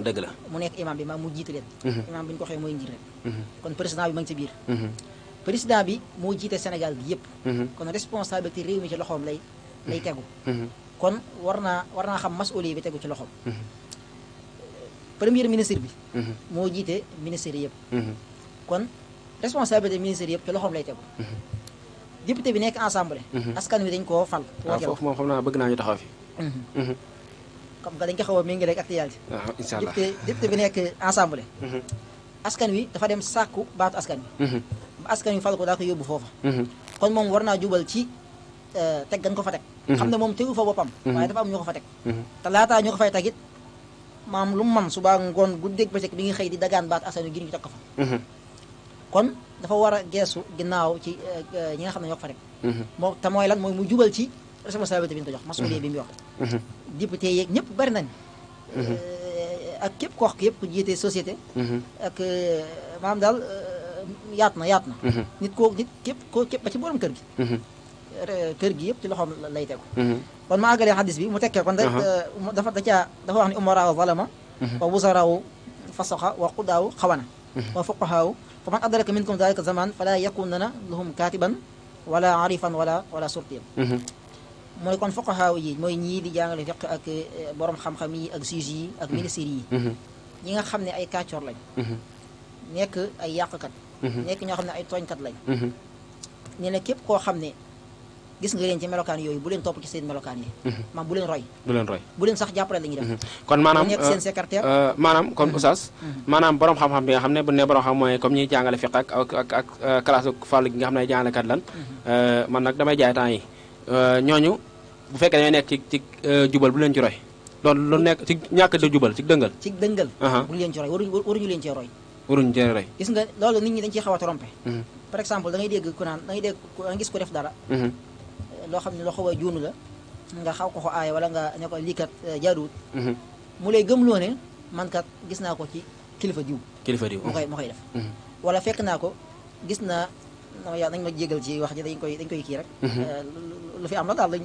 dëgg la mu nekk imam bi ma mu jiite leen imam bi ñu ko waxee mooy njiit rek kon président bi ma ngi ci biir président bi moo jiite Sénégal bi yëpp kon responsabilité réew mi ci loxoom lay lay tegu kon war naa war naa xam masuulee bi tegu ci loxoom premier ministre bi. Mhm. moo jiite ministère yëpp. Mhm. kon responsabilité ministère yëpp ci loxoom lay tegu. Mhm. député bi nekk assemblée. askan wi dañ koo fal. waaw ah, foofu moom xam naa bëgg naa ñu taxaw fi. xam nga dañ ko xaw a méngale rek ak yàlla. Ah, waaw incha allah député député bi dafa dem sàkku baatu askan wi. ba askan wi fal ko daa ko yóbbu foofa. kon moom war naa jubal ci euh, teg gan ko fa teg. xam ne moom tegu fa boppam. waaye dafa am ñoo ko fa teg. te ñoo ko fay teg maam lu mu man subaa ngoon guddeeg bëccëg bi ngi xëy di dagaan baat asanu gi ñu teg fa mhm. kon dafa war a geesu ginnaaw ci euh, ñi nga xam ne ñoo ko fa rek mhm. moo te mooy lan mooy mu jubal ci responsabilité bi ñu ko jox masuuliye bi mu wax mhm. député yeeg ñëpp bari nañ euh, ak képp ko wax yëpp ku jiite société ak euh, maam daal yaat na yaat na nit koo nit képp koo képp ba ci borom kër gi kër gi yëpp ci loxoom lay mhm. ma àggalee xadis bi mu tekkee kon rek uh-huh. euh, dafa da caa dafa wax ne umaraaw zalama uh-huh. wa wuzaraaw fasaxa wa qudaaw xawana uh-huh. wa fuqahaaw fa man adraka minkum dalika zaman fala yakunana lahum katiban wala arifan wala wala surtiyan mu ne kon fuqahaaw yi mooy ñii di jàngale fiq ak euh, borom xam-xam yi ak juge yi ak ministres yi ñi nga xam ne ay kàccoor lañ nekk ay yàqkat nekk ñoo xam ne ay tooñkat lañ ñu ne képp koo xam ne gis nga leen ci melokaan yooyu bu leen topp ci seen melokaan yi mhm. maam bu leen roy bu leen roy bu leen sax jàppale la ñuy def mhm. kon maanaam nekk euh, euh, mhm. xam-xam ne bu ne borom xam mooy comme ñuy jàngale fiq ak ak ak euh, classe gi nga xam ne jàngalekat lan man nag damay jaay yi ñooñu bu fekkee dañoo nekk ci jubal bu leen ci roy loolu da jubal ci dëngal ci dëngal bu leen ci roy waruñu leen cee roy waruñu cee roy gis nga loolu nit ñi dañ ciy xaw a par exemple da ngay dégg ku naan da dégg da nga gis ko def dara loo xam ne loo xaw a juunu la nga xaw ko ko aaya wala nga ne ko lii kat eh, jaaduwut mhm. mu lay gëmloo ne man kat gis naa ko ci kilifa diw kilifa diw mu koy mhm. mu koy def mhm. wala fekk naa ko gis naa non yàlla nañ ma jégal ci wax ji dañ koy dañ koy kii rek mhm. euh, lu fi am la daal la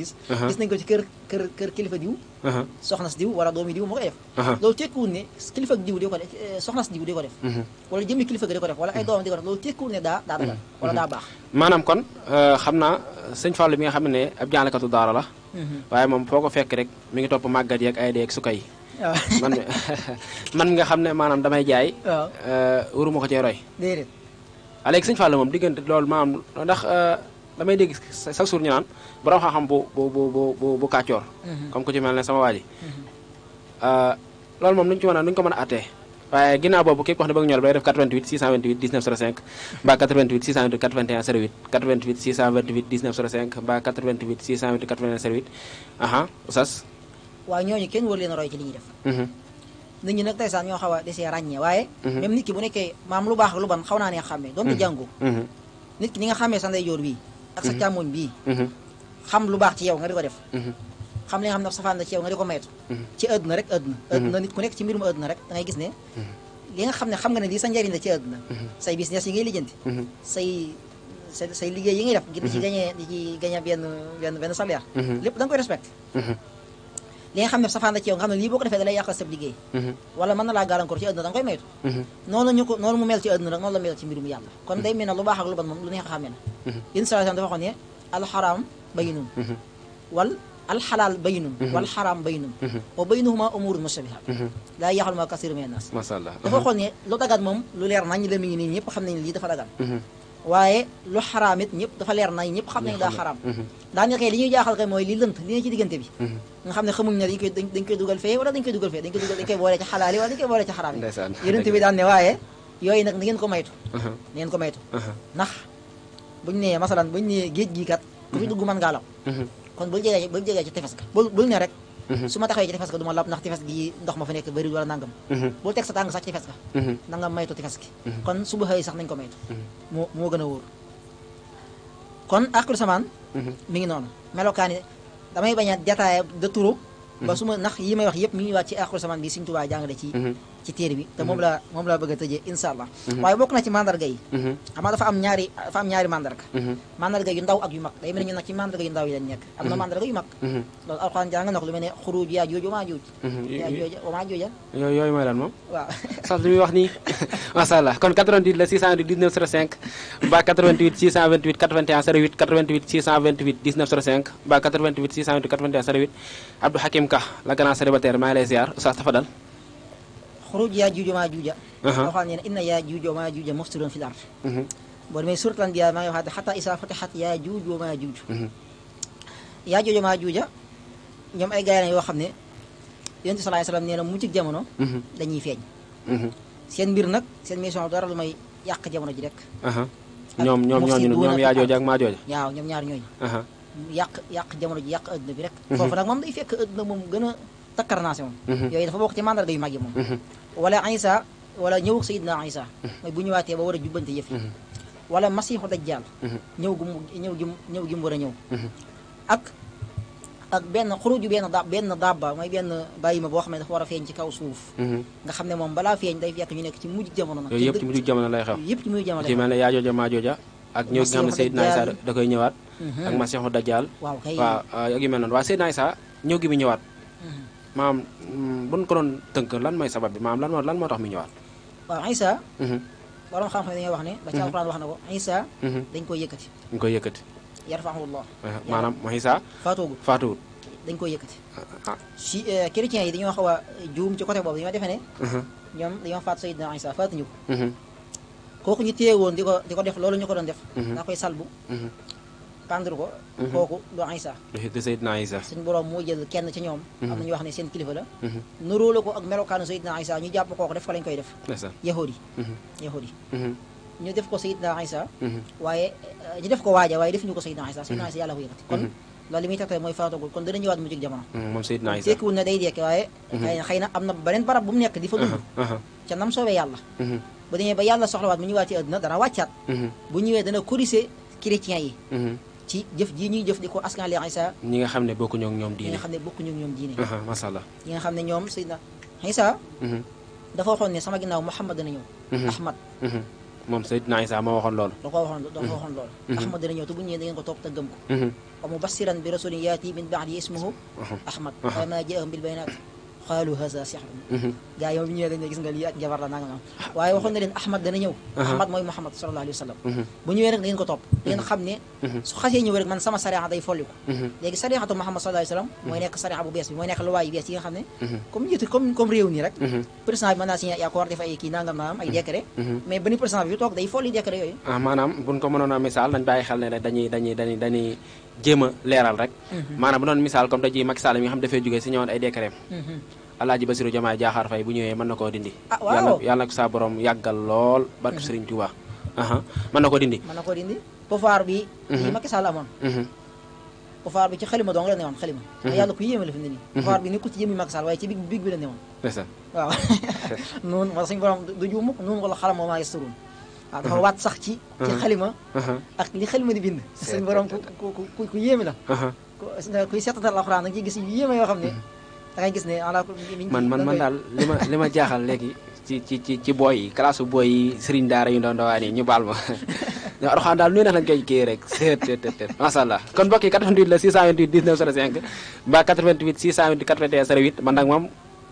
gis mhm. gis nañ ko ci kër kër kër kilifa diw mhm. soxnas diw wala doomi diw moo koy def loolu tekkiwul ne kilifa diw di ko def euh, soxnas diw ko def wala jëmmi kilifa gi di ko def wala ay doomam di ko def loolu tekkiwul ne daa dagal wala daa baax maanaam kon euh, xam naa sëñ Fallou bi nga xam ne ab jàngalekatu daara la waaye moom foo ko fekk rek mu ngi topp màggat yeeg ay deeg sukka yi man man mi nga xam ne maanaam damay jaay waruma ko cee Ah, léegi sëñ Fallou moom diggante loolu maanaam ndax euh, damay dégg chaque jour ñu naan borom xam-xam bu bu bu bu bu kàccoor. Mhm. comme ku ci mel ne sama waa ji. Mhm. Euh, loolu moom nuñ ci mën a nuñ ko mën a attee waaye ginnaaw boobu képp wax ne bëgg ñor bay def 88 628 19 05 mbaa 88 628 81 08 88 628 19 05 mbaa 88 628 81 08 aha oustaz. waaw ñooñu kenn war leen a roy ci li ñuy def. Mhm. nit ñi nag ndeysaan ñoo xaw a desee ràññee waaye mhm. même nit ki bu nekkee maam lu baax ak lu ban xaw naa ne xàmmee doonte mhm. jàngu mhm. nit ki ni nga xàmmee sa ndeyjoor bii ak sa càmmoñ bii xam lu baax ci yow nga di ko def xam li nga xam ne safaan la ci ku nekk ci mbirum àdduna rek da ngay gis ne li nga xam ne xam nga ne lii sa njëriñ la ci àdduna say business yi ngay lijjanti say liggéey yi ngay def ngir di ci gagné di ci gagné benn benn benn salaire lépp da nga li nga xam ne safaan ci yow nga xam ne lii boo ko defee da lay yàqal sab liggéey mhm. wala mën na laa gaarankoor ci àdduna da nga koy mhm. noonu mu mel ci àdduna rek noonu la mel ci mbirum yàlla kon day mel ne lu baax ak lu bon moom lu neex a xamee na mhm. yén saa dafa waxoon ne alxaraam bayinun wal alxalaal baynun wal xaraam baynun wa baynuhuma umurun mushtabihat laa yaxlamuha kasiirun mina naas dafa xool ne lu dagan moom lu leer nañ la mi ngi nii ñëpp xam nañ lii dafa dagan waaye lu xaraam it ñëpp dafa leer nañ ñëpp xam nañ daa xaraam mhm. daanaka kay li ñuy jaaxal kay mooy li lënt li ne ci diggante bi mhm. nga xam ne xamuñ ne dañ koy dañ koy dugal fee wala dañ koy dugal fee dañ koy dugal dañ koy boole ci xalaal yi wala dañ koy boole ci xaraam yi yonent bi daan ne waaye yooyu nag na ngeen ko maytu mhm. na ngeen ko maytu ndax buñu nee masalan buñu nee géej gi kat ku fi dugg mën ngaa law kon bul jegee bul jegee ci tefes ga bul bul ne rek Mm-hmm. su ma taxawee ci tefes ga du ma laab ndax tefes gi ndox ma fa nekk bëri wala nangam mm-hmm. bul teg sa tàng sax ci tefes ga mm-hmm. na maytu tefes gi kon suba xëy sax nañ ko maytu moo moo gën a wóor kon akul samaan mi ngi noonu melokaani damay bañ a détaillé de turu ba su ma ndax yi may wax yëpp mi ngi waat ci akul samaan bi Sëriñ Tuubaa jàngale ci ci téere bi te mhm. moom la moom laa bëgg a tëjee insha allah mhm. waaye bokk na ci mandarga yi mhm. ama dafa am ñaari dafa am ñaari mandarga mandarga yu ndaw ak yu mag day mel ni nag ci mandarga yu ndaw yi lañ nekk am na mandarga yu mag loolu alxuraan jàng na ko lu mel ne xuruuj yaa jooju wamaa jooju yaa jooju wamaa jooja yooyu yooyu mooy lan moom waaw sax li muy wax nii macha allah kon 88 la 619 05 ba 88 628 81 08 88 628 19 05 ba 88 628 81 08 Abdou Hakim Ka la grand célibataire maa ngi lay ziar Oustaz Tafadal xuruj yaa juuja maa juuja waxaan ne inna yaa juuja maa juuja mufsidun fil ard mhm. boo demee surat lan biyaa maa isa fatixat yaa juuj wa maa juuj mhm. yaa juuja maa juuja ñoom ay gaay yoo xam ne yonent bi salaay mu nee na mujj jamono mhm. dañuy feeñ seen mbir nag seen mission dara lu may yàq jamono ji rek ñoom ñoom ñooñu ñoom yaa jooja ak maa jooja waaw ñaar ñooñu yàq yàq jamono ji yàq adduna rek foofu nag moom day fekk adduna moom gën takkarnaase moom yooyu dafa bokk ci mandarga yu mag yi moom wala Isa wala ñëwug Sayidna Isa mooy ba war a jubbante yëf yi wala masiixu dajjaal ñëw gu mu ñëw gi ñëw gi mu a ñëw ak ak benn xuruju benn da benn dabba mooy benn bàyyi ma boo xam ne dafa war ci kaw suuf nga xam ne moom balaa feeñ day fekk ñu nekk ci mujj jamono nag yëpp ci yëpp ci mujj jamono lay xew ci ñëw gi nga da koy ñëwaat ak masiixu dajjaal waaw kay waaw ak ñëw gi mu ñëwaat maam mm, buñ ko doon tënk lan mooy sabab bi maam lan moo lan moo tax mu ñëwaat waaw Isa mhm. borom xam-xam dañuy wax ne ba ci mhm. alquran wax na ko Isa mhm. dañ koy yëkkati dañ koy yëkkati yarfa'ullah eh, maanaam mo Isa faatuwul faatuwul dañ koy yëkkati ah, ah. si eh, chrétiens yi dañoo xaw a juum ci côté boobu dañoo defee ne ñoom dañoo faatu Sayyidina Isa faatuñu ko kooku ñu téye woon di ko di ko def loolu ñu ko def daa koy salbu pendre ko mhm. kooku du Isa de Seydina Isa suñu borom moo jël kenn ci ñoom mhm. am nañu wax ne seen kilifa la mhm. nuróo la ko ak melokaanu Seydina Isa ñu jàpp kooku def ko lañ koy def yahudi yahudi ñu def ko Seydina Isa waaye euh, ñu def ko waaja waaye kon loolu mu jóg jamono moom na day dekk waaye xëy na am na beneen mu nekk di fa dund uh-huh, uh-huh. ca nam soobee yàlla bu demee ba yàlla soxlawaat mu ñëwaat ci àdduna dana wàccaat bu ñëwee dana corriger chrétiens yi ci jëf ji ñuy jëf di ko askan li Isa ñi nga xam ne bokkuñu ak ñoom ñi nga xam ne bokkuñu ak ñoom diine masha ñi nga xam ne ñoom Seydina Isa mhm. dafa waxoon ne sama ginnaaw Muhammad dana ñëw mhm. Ahmad mhm. moom Seydina ma moo waxoon loolu da ko waxoon da ko waxoon loolu Ahmad dana ñëw wa mubashiran bi rasulin yaati min ba'di ismuhu Ahmad wa ma jaa'ahum bil bayinat xaalu haza sihrun gaa yi moom bi ñëwee dañ ne gis nga lii ak njabar la nanga nam waaye waxoon na leen ahmad dana ñëw ahmad mooy muhammad sallallahu wa sallam bu ñëwee rek da ngeen ko topp da ngeen xam ne su xasee ñëw rek man sama sarixa day folliku léegi sarixatu muhammad sallallahu sarixa bu bees bi mooy nekk luwaa yu bees yi nga xam ne comme njiitu nii rek président bi mën naa signé accord def ay kii nangam naam ay décret mais benn président bi toog day folli décret yooyu maanaam buñ ko mënoon a misaal dañ bàyyi jéem a leeral rek mhm. maanaam bu doon misaal comme daji Macky Sall mi nga xam dafay jógee si ñëwoon ay décret mhm. Alaaji Basiru Jomaay Jaaxaar Fay bu ñëwee mën na koo dindi ah, yàlla yàlla na ko saa borom yàggal lool barke mhm. Sëriñ Tuubaa mën na ko dindi mën na ko dindi pouvoir bi yi Macky Sall amoon pouvoir bi ci xalima dong la ne woon xalima yàlla ku yéeme la fi ne nii pouvoir bi nekkul ci jëmmi Macky Sall waaye ci big big bi la ne woon waaw moo tax suñu borom du juum mukk noonu wala waaw dafa waat sax ci. ci uh-huh. xalima. Uh-huh. ak li xalima di bind. suñ la. Uh-huh. kuy seetatal alxuraan da nga ciy gis yu yéeme yoo xam ne da gis ne man man daal li ma jaaxal léegi ci booy classe booy yi daara yu ndaw ndawaan ñu baal ma. ñoo daal nuy neex lañ koy kii rek seet seet seet macha allah kon mbokk yi 88 la 628 19 05 mbaa 88 628 81 08 man nag moom.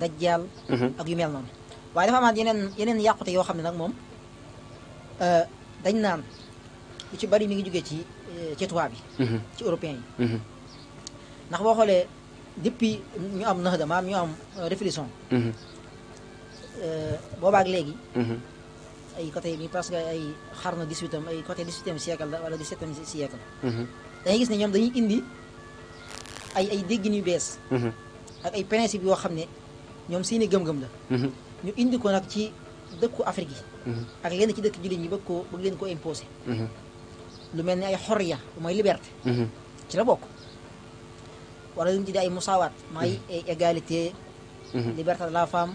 dajjal mhm. ak yu mel noonu waaye dafa amaat yeneen yeneen yàqute yoo xam ne nag moom euh, dañ naan lu ci bari mi ngi jógee ci euh, ci tubaab bi mhm. ci européen yi mhm. ndax boo xoolee depuis ñu am naxda maam ñu am euh, révolution boobaak léegi ay côté mi parce que ay xarnu dix-huitième ay côté dix-huitième siècle la wala dix-septième siècle dañuy gis ne ñoom dañuy indi ay ay déggin yu bees ak ay principe yoo xam ne ñoom seeni gëm-gëm la mhm. ñu indi ko nag ci dëkku Afrique yi mhm. ak lenn ci dëkk jullit ñi bëgg koo bëgg leen ko imposé mhm. lu mel ni ay xorriya mooy liberté ci la bokk wala lu ñu tuddee ay musaawaat mooy ay égalité liberté de la femme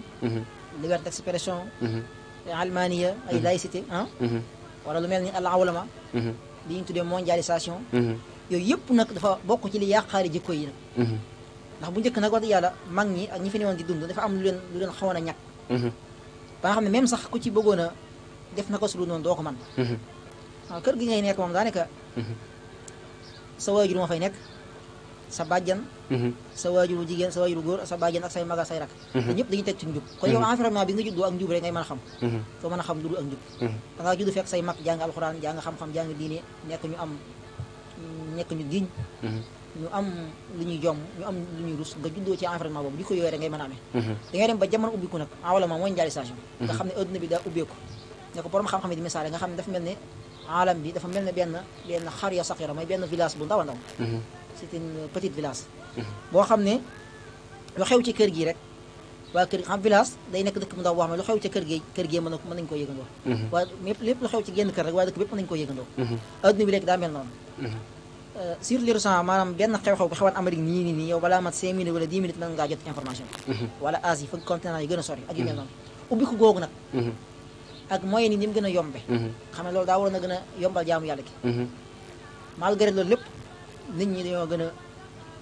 liberté d'expression almaniya ay laïcité ah wala lu mel ni al awlama li ñu tuddee mondialisation yooyu yëpp nag dafa bokk ci li yàqaari jikko yi nag ndax bu njëkk nag wax dëgg yàlla mag ñi ak ñi fi newoon di dund dafa am lu leen xawoon a ñàkk mhm. ba nga xam ne même sax ku ci bëggoon a def naka sulu noonu doo ko man mhm. waaw kër gi ngay nekk moom daanaka mhm. sa waajur moo fay nekk sa bàjjan sa waajur bu sa waajur bu góor sa bàjjan ak say mag ak say rak te ñëpp dañuy teg ci njub kon yow environnement bi nga juddoo ak njub rek ngay mën a xam soo mën a xam da ngaa judd fekk say mag jàng alxuraan ñu am ñu am lu ñuy jomm ñu am lu ñuy rus nga juddoo ci environnement boobu di ko yooyu rek ngay mën a amee da mhm. dem ba jamono ubbiku nag environnement mooy mondialisation mhm. nga xam ne adduna bi daa ubbeeku ne ko borom xam-xam yi di misaale nga xam ne dafa mel ne alam a ndaw mhm. c'est boo xam ne lu xew ci kër gi rek waa kër xam village day nekk dëkk bu ndaw boo xam ne lu xew ci kër na mën nañu koo yëgandoo waaye lépp lu xew ci génn kër rek dëkk bépp mën nañu koo yëgandoo adduna bi léegi daa mel noonu sur l'urgent maanaam benn xew-xew bu xewoon Amérique nii nii nii yow balaa mat cinq minutes wala dix minutes mën ngaa jot information mhm. wala Asie ah, fa continent yi gën a sori ak mhm. yu mel noonu ubbi ko googu nag mhm. ak moyen yi ni mu gën a yombe xam ne loolu daa waroon a gën a yombal jaamu yàlla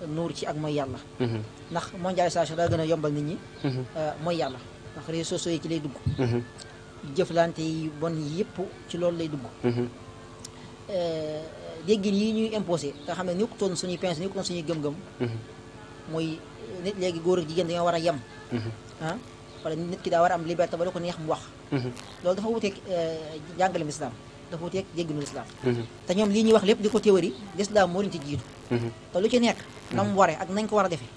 a nuur ci ak mooy yàlla ndax mondialisation daa gën a bon yëpp ci loolu lay dugg eh, déggin yi ñuy imposé nga xam ne nekkutoon suñuy pince nekkutoon suñuy gëm-gëm mhm. mooy nit léegi góor ak jigéen dañoo war a yem mhm. ah wala nit ki daa war a am liberté ba lu ko neex mu wax mhm. loolu dafa wuteeg eh, jàngalem lislaam dafa wuteeg dégginu lislaam te ñoom lii ñuy wax lépp di ko théorie lislaam moo leen ci jiitu te lu ci nekk na mu waree ak nañ ko war a defee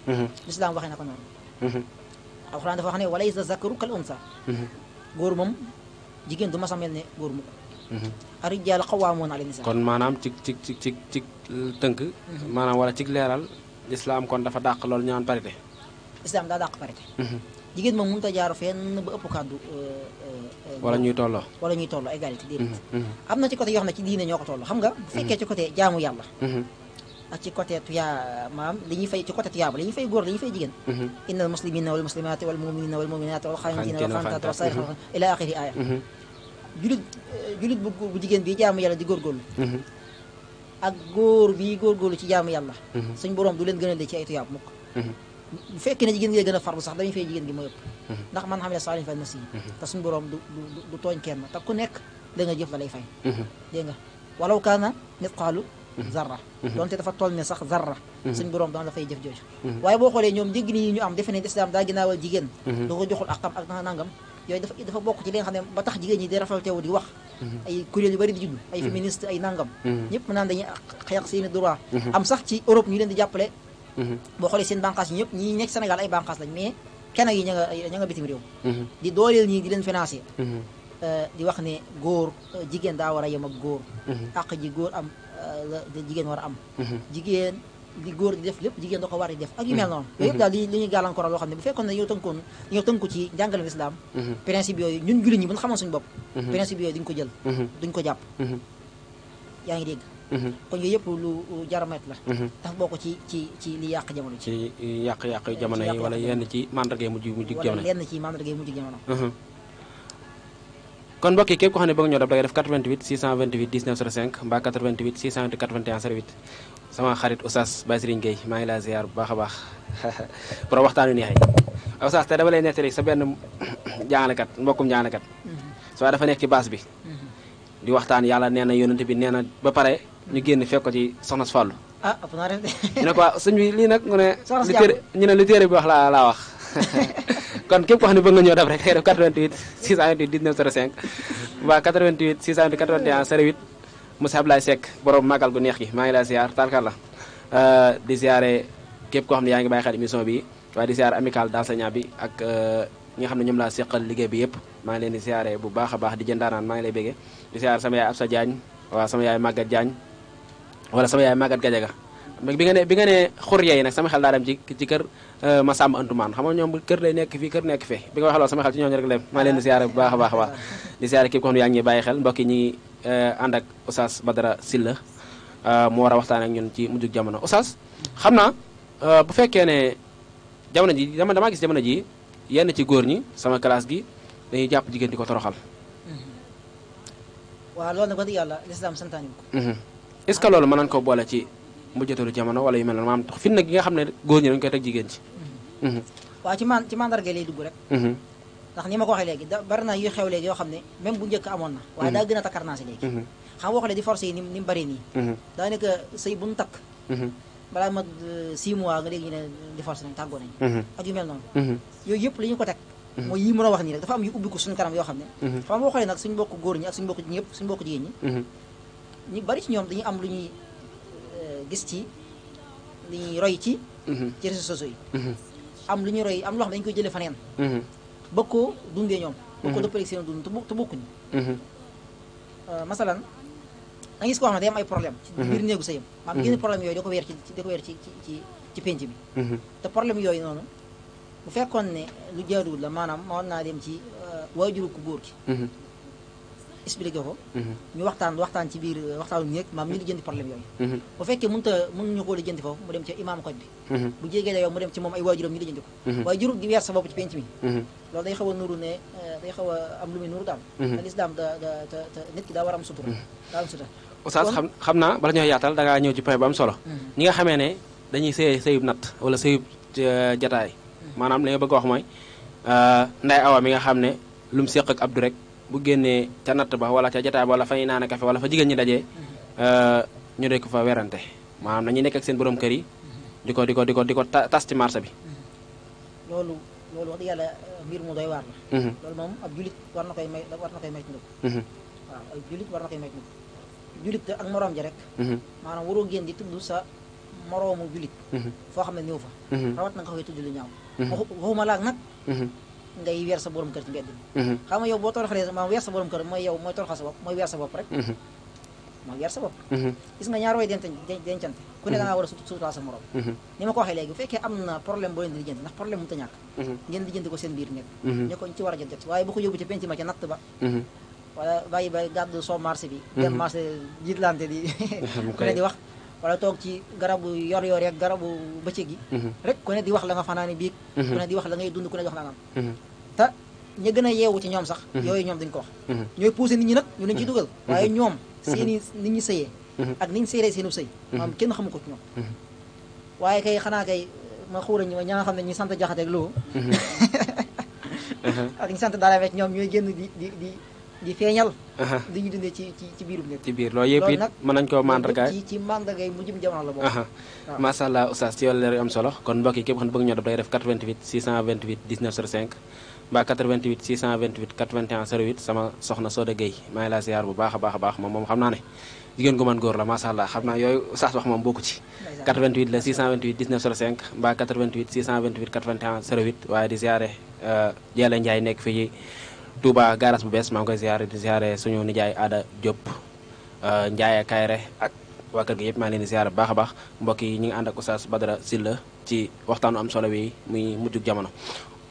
lislaam waxee na ko noonu alxuraan dafa wax ne wala isa zakaru kal unsa góor moom jigéen du mas a ne góor mukk Mm-hmm. ar-rijaalu qawwaamuuna ala nisaa kon maanaam ci ci ci ci ci tënk. Mm-hmm. maanaam wala ci leeral lislaam kon dafa dàq loolu ñaan naan parité. lislaam daa dàq parité. Mm-hmm. jigéen moom mënut a jaaru fenn ba ëpp kàddu. Euh, euh, wala ñuy tolloo wala ñuy tolloo égalité déedéet. am na ci côté yoo ne ci diine ñoo ko tolloo xam nga. bu fekkee ci côté jaamu yàlla. ak ci côté tuyaa maam li tuyaaba li ñuy fay góor li ñuy fay jigéen. innal muslimina wal muslimaati wal muminina wal muminaati wal wal xaanitaati julit eh, julit bu bu jigéen bi jaamu yàlla di góorgóorlu mhm. ak góor bi góorgóorlu ci jaamu yàlla mhm. suñ borom du leen gën a le ci ay tuyaab mukk mhm. bu fekkee ne jigéen gi gën a farlu sax dañu fay jigéen gi moo ëpp ndax man xam ne saaliñ fay na si te suñ borom du tooñ kenn te ku nekk da a jëf la lay fay dégg nga walaw kaana nit xaalu zarra doonte dafa toll ne sax zarra suñ borom dana la fay jëf jooju waaye boo xoolee ñoom dégg ni ñu am defe ne islam daa ginnaawal jigéen da ko joxul akam ak nangam yooyu dafa dafa bokk ci li nga xam ne ba tax jigéen ñi di rafetal wu di wax mhm. ay kuréel yu bari di judd ay mhm. féministe ay nangam mhm. ñëpp naan dañuy xeex seeni droit am sax ci Europe ñu leen di jàppale boo xoolee seen banqaas yi ñëpp ñi nekk senegal ay banqaas lañ mais kenn yi ña nga ña nga bitim réew di dooleel ñii di leen financé euh, di wax ne góor euh, jigéen daa war a yem ak góor àq ji góor am euh, la jigéen war a am jigéen di góor di def lépp jigéen da ko war di def ak yu mel mm-hmm. noonu yooyu mm-hmm. yëpp daal li li ñuy gàllankoor loo xam ne bu fekkoon ne yow tënkoon dañoo tënku ci mm-hmm. ko jël duñ ko jàpp yaa daf bokk ci ci ci li yàq jamono ci yàq-yàq jamono yi wala yenn ci mandargay mujj mujj jamono wala yenn ci mandargay mujj jamono sama xarit Oustaz Baye Serigne Gueye maa ngi laa ziar bu baax a baax pour waxtaanu neex yi Oustaz te dama lay nettali sa benn jàngalekat mbokkum jàngalekat mm-hmm. soo dafa nekk ci baas bi mm-hmm. di waxtaan yàlla nee na yonent bi nee na ba pare ñu génn fekk ci soxna Fallou ah ëpp naa ñu ne ko ah, sëñ bi ñu ne li téere bi wax laa laa wax kon képp ko xam ne bëgg nga ñëw def rek xëy na 88 628 19 05 waa 88 628 81 08 Moussa Abdoulaye Seck borom màggal gu neex gi maa ngi laa ziar tarkal la euh, di ziare képp koo xam ne yaa ngi bàyyi xel émission bi waaye di ziar amical d'enseignant bi ak euh, ñi xam ne ñoom laa seqal liggéey bi yëpp maa leen di bu baax baax di jëndaanaan maa ngi lay béggee di ziar sama yaay Absa Diagne waaw sama yaay Maguette Diagne wala sama yaay Maguette Gadiaga bi nga ne bi nga nag sama xel daa dem ci euh, Antumaan xam ñoom kër lay nekk fii kër nekk fee bi nga wax loolu sama xel ci ñooñu rek lem maa leen di bu baax a baax di siyaare képp ko xam ne yaa ngi bàyyi xel mbokk ñi Eh, ànd ak Oustaz Badara Sylla eh, mu war a waxtaan ak ñun ci mujjug jamono Oustaz xam naa eh, bu fekkee ne jamono ji dama damaa gis jamono ji yenn ci góor ñi sama classe gi dañuy jàpp jigéen di ko toroxal. Mm-hmm. waaw loolu nag wax yàlla lislaam santaani ko. Mm-hmm. est-ce que loolu mën nañu ko boole ci mujjatalu jamono wala yu na noonu maanaam fitna gi nga xam ne góor ñi dañu koy teg jigéen ci. Mm-hmm. waaw ci man ci lay dugg rek. ndax ni ma ko waxee léegi bari na yuy xew léegi yoo xam ne même bu njëkk amoon na waaye daa mhm. gën a takkar naa si léegi mhm. xam waxale di forcé yi ni ni mu bëri nii mhm. daanaka sëy bu ñu takk balaa mag euh, six mois nga léegi ñu ne di forcé nañ tàggoo nañ ak yu mel noonu yooyu yëpp li ñu ko teg mooy yi mën a wax nii rek dafa am yu ubbi ko suñ kanam yoo xam ne xam nga waxale nag suñu bokk góor ñi ak suñu bokk ñëpp jigéen ñi ñu bari ci ñoom dañuy am lu ñuy euh, gis ci li ñuy roy ci ci réseaux yi am lu ñuy roy am loo koy jëlee faneen ba koo dundee ñoom. ba ko dëppaleeg seen dund te bokkuñu. Mhm. Euh, masalan nga gis koo xam ne day ay problème ci mhm. biir néegu sëyam maanaam mhm. yenn problème yooyu da ko weer ci da ko ci ci ci penc bi te problème yooyu noonu bu fekkoon ne lu jaaduwul la maanaam ma war naa dem ci euh, waajuru ku góor ki expliqué ko mhm. ñu waxtaan waxtaan ci biir waxtaanu néeg maam ñu lijjanti problème yooyu mhm. bu fekkee mënta mën ñu koo lijjanti foofu mu dem ci bi mhm. bu jégee dayoo mu dem ci moom ay waajuram ñu lijjanti ko waaye jurul di weer sa bopp ci penc mi loolu day xaw a nuru ne euh, day xaw a am lu muy nuru daal te da da sutura daa xam naa bala ñoo yaatal da ngaa ñëw ci point bu am solo ñi nga xamee ne dañuy sëy sëyub natt wala euh, jataay maanaam li nga bëgg wax mooy euh, nday awa mi nga xam ne lu mu abdu rek bu génnee ca natt ba wala ca jataay ba wala fay naan kafe wala fa jigéen ñi dajee mhm. ñu dee ko fa werante na ñu nekk ak seen boroom kër yi mhm. di ko di ko di ko di ko ta tas ci marché bi mhm. loolu loolu wax dëgg yàlla euh, mbir mu doy waar la loolu moom ab julit war na koy may war na koy may julit ak moroom ja rek maanaam waroo génn di tudd sa moroomu julit foo xam ne ñëw fa rawat na nga koy tudd lu ñaaw waxuma laag nag ngay weer sa borom kër ci mbedd mi mhm. xam nga yow boo toroxalee maanaam kër mooy yow mooy toroxal sa bopp mooy weer sa bopp rek mhm. mooy weer sa bopp mhm. gis nga ñaar way denc dencante ku ne da ngaa war a suutal sa morom ni ma ko waxee fekkee am na problème boo leen di lijjanti ndax problème mënut a ñàkk ngeen lijjanti ko seen biir nekk ñu ko ci war a jot waaye bu ko yóbbu ca penc ma ca natt ba wala bàyyi ba gàddu soo marché bi dem marché di ku di wax wala toog ci garabu yor-yor yeeg garabu bëccëg gi. Mhm. rek ku ne di wax la nga fanaane biig. Mhm. ku ne di wax la ngay dund ku ne di wax la nga am. Mhm. te ña gën a yeewu ci ñoom sax. yooyu ñoom dañ ko wax. ñooy poussé nit ñi nag ñu leen ci dugal. waaye ñoom seeni nit ñi sëyee. ak niñ seeree seenu sëy. maanaam kenn xamu ko ci ñoom. waaye kay xanaa kay ma xuura ma ña xam ne ñi sant jaxateeg loo. ak ñi sant daara week ñoom ñooy génn di. di feeñal. ci biir loolu yëpp it mën nañ koo mandargaay ci ci mandargaay mu jëm jamono la bokk. macha allah am solo kon mbokk képp xam ne bëgg ñoo def day def 88 628 19 05 mbaa 88 628 81 08 sama soxna Soda Gueye maa ngi laa ziar bu baax a baax a baax moom moom xam naa ne jigéen gu man góor la macha allah xam naa yooyu oustaz wax moom waaye di ziare euh, Jalle Ndiaye nekk fii. Touba garage bu bees maa ngi koy ziare di ziare suñu nijaay Ada Diop euh, njaaye Kayre ak waa kër gi yëpp maa ngi leen di bu baax a baax mbokk yi ñu ngi ànd ak Oustaz Badara Sylla ci waxtaanu am solo wi muy mujjug jamono.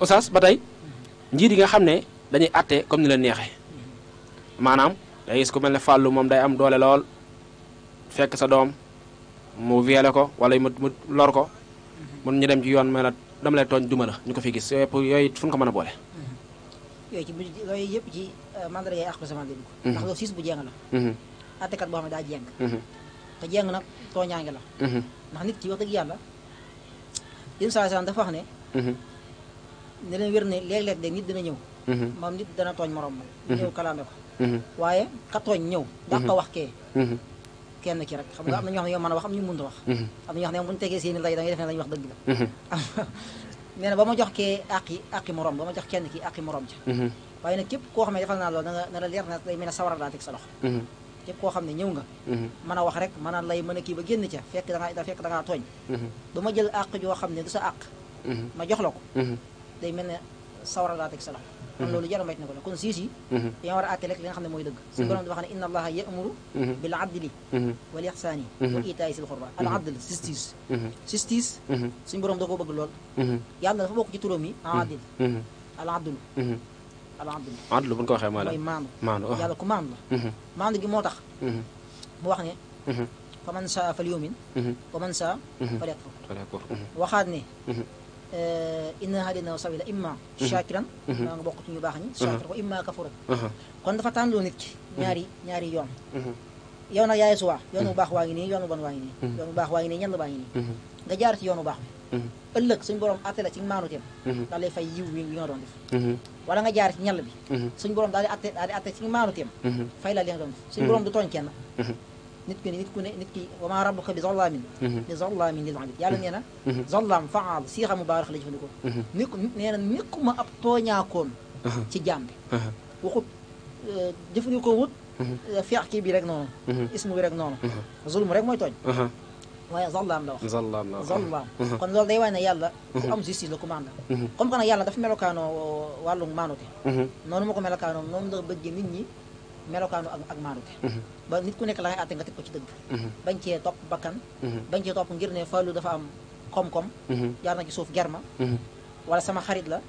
Oustaz ba tey njiit yi nga xam ne dañuy àtte comme ni la neexee maanaam day gis ku mel ne fàllu moom day am doole lool fekk sa doom mu viole ko wala mu loor ko mun ñu dem ci yoon mel la dama lay tooñ duma la ñu ko fi gis yooyu yëpp yooyu fu ñu ko mën a bool yooyu ci biir yooyu yëpp ci euh, mandarga yi àq ko semence mhm. la ndax loolu siis bu jeng la. Mhm. attekat boo xam ne daa jeng. Mhm. te jeng nag tooñaange la. ndax nit ki wax dëgg yàlla yenn saa yi dafa wax ne. ne leen wér ne léeg-léeg de nit dina ñëw. moom nit dana tooñ morom ma. ñëw kalaame ko. waaye ka tooñ ñëw. da ko wax kee. kenn ki rek xam nga am na ñoo xam ne yow mën a wax am ñu mënut a wax. am na ñoo xam ne bu ñu tegee seen i lay da ngay def ne lañu wax dëgg la. nee na ba ma jox kee àqi àqi morom ba ma jox kenn ki àqi morom ja mhm. waaye nag képp koo xam ne defal naa loolu na la leer na day mel ne sawara laa teg sa mhm. képp koo xam ne ñëw nga mhm. mën a wax rek mana lay mën a kii ba génn ca fekk da fekk da ngaa tooñ du ma jël àq joo xam ne du sa àq ma jox la ko day mel ne sawara laa teg sa loxo kon loolu jara moytu na ko la kon siis yi mhm. dañoo war a àtte rek li nga xam ne mooy dëgg suñu mhm. borom di wax ne inna allaha ya'muru mhm. bil adli wal ihsani wa ita'i sil qurba al adl justice justice suñu borom da koo bëgg lool yàlla dafa bokk ci turam yi adil adl al adl adl bu ñu ku maandu la gi moo tax mu wax ne fa man saa fal yumin wa man saa fal ne Eh, inna hadaynahu sabila imma mhm. shakiran mhm. maa nga bokk ci ñu baax ñi mhm. shakir ko imma kafura kon dafa tànnloo nit ki ñaari ñaari yoon yow nag yaay suwaa yoonu baax waa ngi nii yoonu bon waa ngi nii yoonu baax waa ngi nii ñenn baa ngi nii nga jaar ci yoonu baax bi ëllëg suñu borom atte la ci maanu teem daal lay fay yiw wi li nga doon def wala nga jaar ci ñal bi suñu borom daal di atte maanu teem fay la doon def suñu du tooñ kenn nit ku ne nit ku ne nit ki wa maa rabbuka bi zollaamin bi mhm. zollaamin lil abid yàlla nee na mhm. mhm. zollaam faal siixa mubaarak la jëfandikoo ni nee na nekkuma ab tooñaakoon ci jaam bi waxut euh, jëfandikoo wut euh, feex kii bi rek noonu ismu bi rek noonu zulm rek mooy tooñ waaye zallaam la wax zallaam la wax zallaam kon loolu day wane ne yàlla ku euh, noonu ma ko melokaanoo noonu la bëggee nit ñi melokaanu ak ak maanute mhm. ba nit ku nekk la ngay àtte nga teg ko ci dëgg mhm. bañ cee topp bakkan mhm. bañ topp ngir ne Fallou dafa am koom-koom jaar na ci suuf germa wala sama xarit la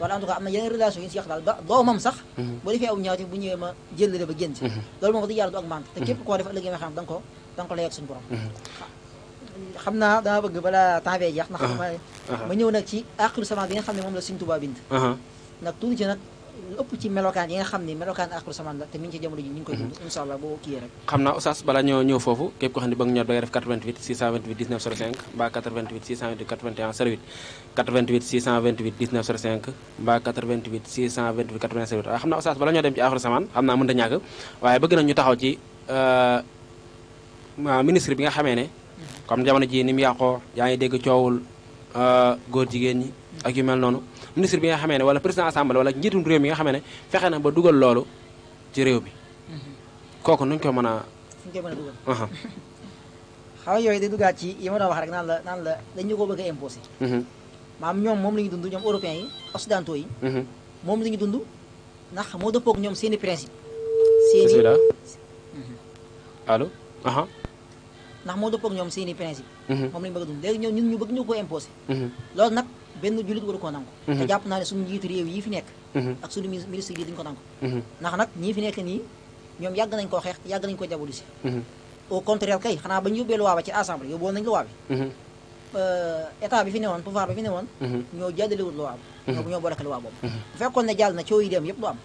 wala en tout cas am na yeneen yi ñu ba doomam sax boo defee aw ñaawte bu ñëwee ma jëllale ba génn ci loolu moom wax dëgg nga xam ak suñu naa dama bëgg balaa temps bee jeex ndax uh-huh. ma uh-huh. ma ñëw nag ci aqilu sama bi nga xam ne moom la Sëriñ Tuubaa bind uh-huh. nag tuuti ci nag lu ëpp ci melokaan yi nga xam ne melokaan aaxiru samaan la te mi ñu koy dund mhm. incha allah boo kii rek xam naa oustaz bala ñëw foofu képp ko xam ne ba nga ñor def waaye ah, xam naa oustaz bala ñoo dem ci aaxiru samaan xam naa mënta ñàkk waaye bëgg nañ taxaw ci euh, ah, ministre bi nga xamee ne mhm. comme jamono ji ni yàqoo yaa ngi dégg coowul euh, góor jigéen ñi ak yu mel noonu ministre bi nga xamee ne wala président assemblée wala njiitum réew mi nga xamee ne fexe na ba dugal loolu ci réew mi kooku nuñ ko mën a suñ koy mën a dugal xaw yooyu day dugaat ci yi ma doon wax rek la naan la dañu ko bëgg a imposé mhm. maam ñoom moom ñu dund ñoom européens yi occidentaux yi mhm. mhm. moom la ñu dund ndax moo dëppoog ñoom seeni principe seeni allo aha ndax moo dëppoog ñoom seeni principe moom la a dund léegi ñoom ñun ñu loolu nag benn jullit waru koo nangu mhm. te jàpp naa ne suñu njiitu réew yi fi nekk mhm. ak suñu ministre yi duñ ko nangu mhm. ndax nag ñii fi nekk nii ñoom yàgg nañ koo xeex yàgg nañ ko jabolu si au contraire kay xanaa ba ñu yóbbee luwaa ba ci assemblée yóbboon nañu luwaa bi euh, état bi fi newoon pouvoir bi fi newoon ñoo jàddalewul luwaa ba ñoo jàll na coow yi dem yëpp du am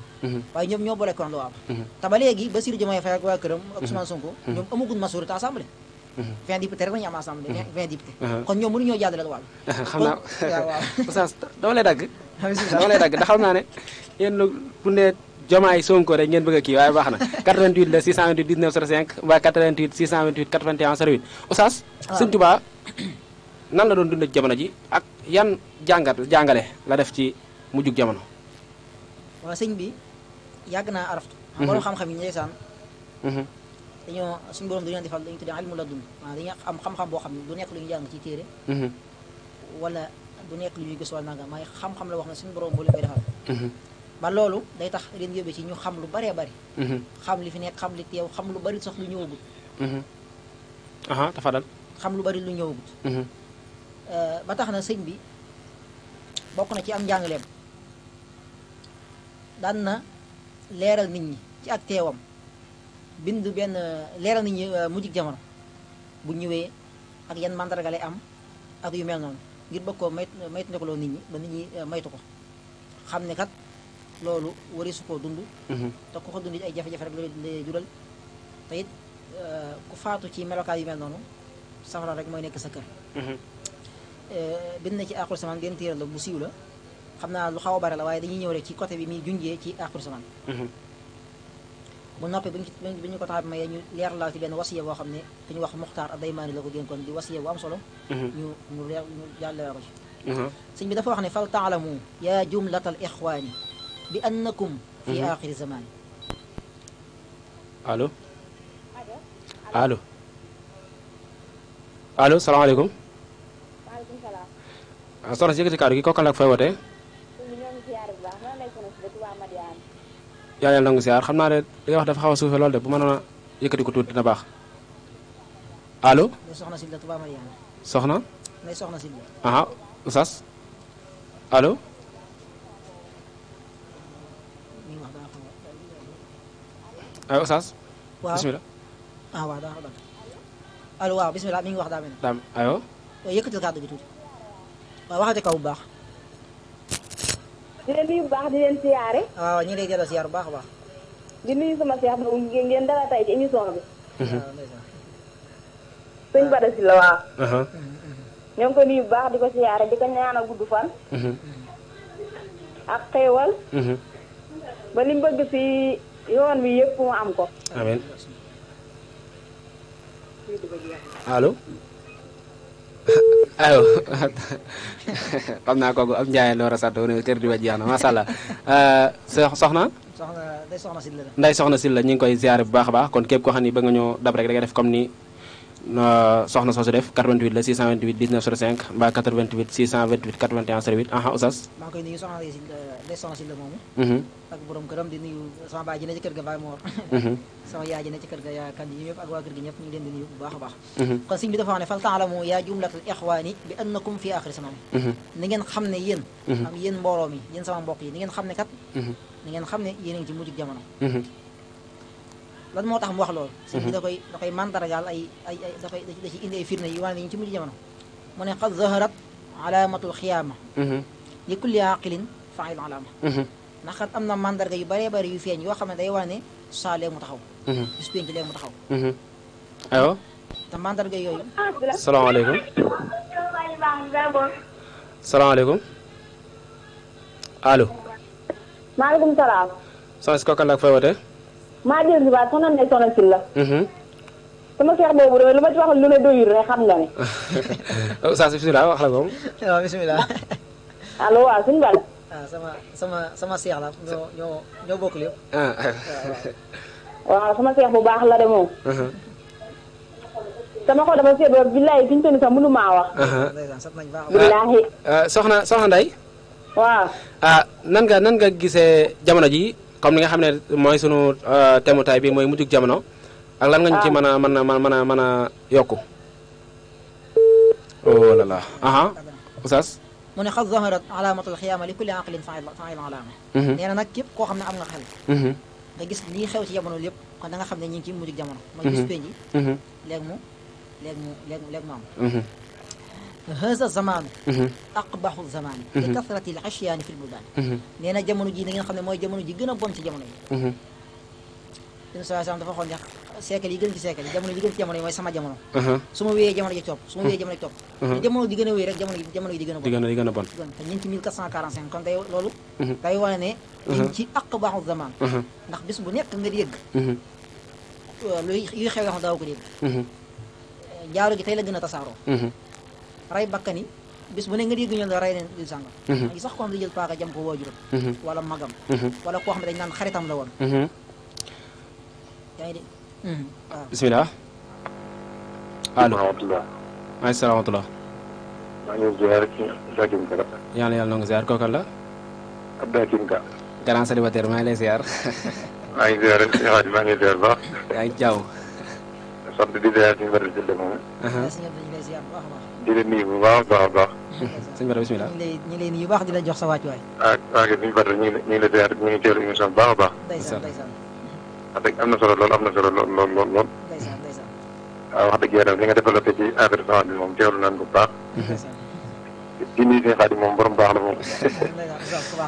waaye ñoom ñoo boolekoon luwaa ba te ba léegi Bassirou Diomaye Faye ak waa këram ak Ousmane Sonko ñoom amaguñ majorité assemblée 20 députés rek la ñu am assemblée. 20 députés. kon ñoom mënuñoo jàllale ak wàll. xam naa oustaz dama lay dagg. dama lay dagg ndax xam naa ne yéen bu ne jomaay Sonko rek ngeen bëgg kii waaye baax na 88 la 628 19 05 mbaa 88 628 81 08 oustaz. waaw nan la doon dundee jamono ji ak yan jàngat jàngale la def ci mujjug jamono. waaw sëñ bi yàgg naa araftu. borom xam-xam yi ndeysaan. dañoo suñu borom dañoo defal dañu tuddee ilmu la dun maanaam am xam-xam boo xam ne du nekk lu ñu jàng ci téere mhm. wala du nekk lu ñuy gis wala nanga may xam-xam la wax ne suñu borom moo leen koy defal mhm. ba loolu day tax ren yóbbee ci ñu xam lu bëree bari mhm. xam li fi nekk xam li teew xam lu bari sax lu ñëw aha tafadal xam lu bari lu ñëwagut euh, ba tax na sëñ bi bokk na ci am njàngaleem daan na leeral nit ñi ci ak teewam bind benn euh, leeral nit ñi euh, mujjug jamono bu ñëwee ak yan mandarga lay am ak yu mel noonu ngir bëgg koo mayt euh, maytu ndekaloo nit ñi ba nit ñi maytu ko xam ne kat loolu warisu su koo dund mhm. te ku ko dund ay jafe-jafe rek loolu lay jural te ku faatu ci melokaay yu mel noonu safara rek mooy nekk sa kër mhm. bind na ci aaxul samaan benn téere la bu siiw la xam naa lu xaw a bare la waaye dañuy ñëw rek ci côté bi muy junjee ci aaxul bu noppee bi ñu bi ñu ko tax a mayee ñu leer laal ci benn wasiya boo xam ne ki ñu wax muxtaar ak daymaani la ko dénkoon di wasiya bu am solo mhm. ñu ñu leer ñu jàllale ko ci mhm. sëñ bi dafa wax ne fal taalamu yaa jumlatal ixwaani bi annakum fi mhm. axiri zamani allo allo allo salaamaaleykum waaleykum salaam ah, soxna si yëkkati kàddu gi kooku la ak fooy wootee yaa yàlla nangu siyaar xam naa ne li nga wax dafa xaw a suufe loolu de bu mënoon a yëkkati ko tuuti dina baax allo. soxna Sylla Touba Mariana. soxna. may soxna aha Oustaz allo. waaw eh, Oustaz. waaw bisimilah. ah waaw daa xam wax daa mel. daa aywa. yëkkatil kàddu gi tuuti waaw waxate kaw bu baax. di leen bu baax di leen siyaare. waaw ñu lay jël siyaar bu baax a ngeen dala tay ci émission bi. Mhm. sëñ Bada si la waaw. Uh-huh. ñoo ko nuyu baax di ko siyaare di ko ñaanal gudd fan. Mhm. ak xéewal. Mhm. ba li bëgg si yoon bi yëpp mu am ko. amiin allo. ayo xam naa kooku am njaayeen loor a sant wu ne kër di ba jeex na macha allah euh, soxna. soxna day soxna si la. nday soxna si la ñu ngi koy ziare bu baax baax kon képp koo xam ni ba nga ñoo dab rek da nga def comme ni. soxna soosu def 88 la 628 19 05 mbaa 88 628 81 08 aha Oustaz. maa ngi koy nuyu soxna euh, si soxna si la moomu. Mhm. ak borom këram di nuyu sama baay ji ne ci mhm. di nuyu baax a baax. Mhm. kon sëñ bi dafa wax ne fal taalamu yaa jumlatul ixwaani bi annakum fi axiri zaman. ni ngeen xam ne yéen. am yéen sama mbokk yi ni ngeen xam ne kat. ni ngeen xam ne yéen a ngi ci mujjug lan moo tax mu wax loolu mhm. sëñ bi da koy da koy màndargaal ay ay ay da koy da ci indi ay firnde yu wane ne ñu ci mujj jamono mu ne qad zaharat alaamatul xiyaama mhm. li kulli aqilin fail alaama mhm. ndax kat am na mandarga yu bëree bëri yu feeñ yoo xam ne day wane ne saa léegi mu taxaw bis penc léegi mu taxaw ayo te mandarga yooyu salaamaaleykum salaamaaleykum allo maaleykum salaam sans kookan laak fay wootee maa jël si waat soxna Ndeye Soxna Sylla mhm. sama seex boobu de lu ma ci wax lu ne doyul rek xam nga ne. saa si bisimilah wax la moom. waaw bisimilah. allo waaw bal. Ah, sama sama sama seex la ñoo ñoo ñoo bokk ah. bu baax la de moom. Uh-huh. sama xol dafa seet ba mënu maa wax. Uh-huh. billaahi. Ah, soxna soxna Ndeye. waaw. ah nan nga nan nga jamono ji comme li nga xam ne mooy sunu euh, thème tay bi mooy mujjug jamono ak lan nga ñu ci ah. mën a mën a mën a mën a yokku. oh là là aha ah oustaz. mu ne xad zaharat alaamatul xiyaama li kulli aqlin fail fail a mhm. nee na nag koo xam ne am nga xel. Mhm. nga gis li xew ci jamono lépp kon nga xam ne ñu ngi ci jamono. Mhm. mooy gis penji léegi mu léegi mu léegi mu am. haza zamanu aqbaxu zamani li kasrati l asyaani fi l buldaani nee na jamono ji da ngeen xam ne mooy jamono ji gën a bon ci jamono yi yéen saa salaam dafa waxoon ne siècle yi gën ci siècle yi jamono ji gën ci jamono yi mooy sama jamono su ma wéyee jamono ji topp su ma wéyee jamono ji topp te jamono di gën a wéy rek jamono jamono yi di gën a bon di gën a bon te ñu ngi ci 1445 kon day loolu day wane ne ñu ci aqbaxu zaman ndax bis bu nekk nga di yëgg luy yuy xew yoo xam daaw ko dégg jaaro ji tey la gën a tasaaroo rey bakkan yi bis bu ne nga dégg ñu la rey leen di sàngam mhm. ngi sax ko xam ne jël paaka jam ko waajuram mhm. wala magam mhm. wala koo xam ne dañ naan xaritam la woon yaa ngi dégg waaw bisimilah allo maa ngi salaamatulah maa ngi ziar kookal la Abdakim Ka grand célibataire maa ngi lay ziar yaa ngi di leen nuyu bu baax a baax a baax. sëñ Bada bisimilah. ñu lay ñu lay nuyu baax di la jox sa wàccuwaay. ak ak sëñ Bada ñu ngi ñu ngi lay ziar ngi teewlu émission bu baax a baax. ndeysaan ndeysaan. wax dëgg am na solo lool am na solo lool lool lool lool. ndeysaan ndeysaan. waaw wax dëgg yàlla li nga développé ci affaire semence bi moom teewlu nañ ko bu baax. di nuyu suñu xarit moom borom baax la moom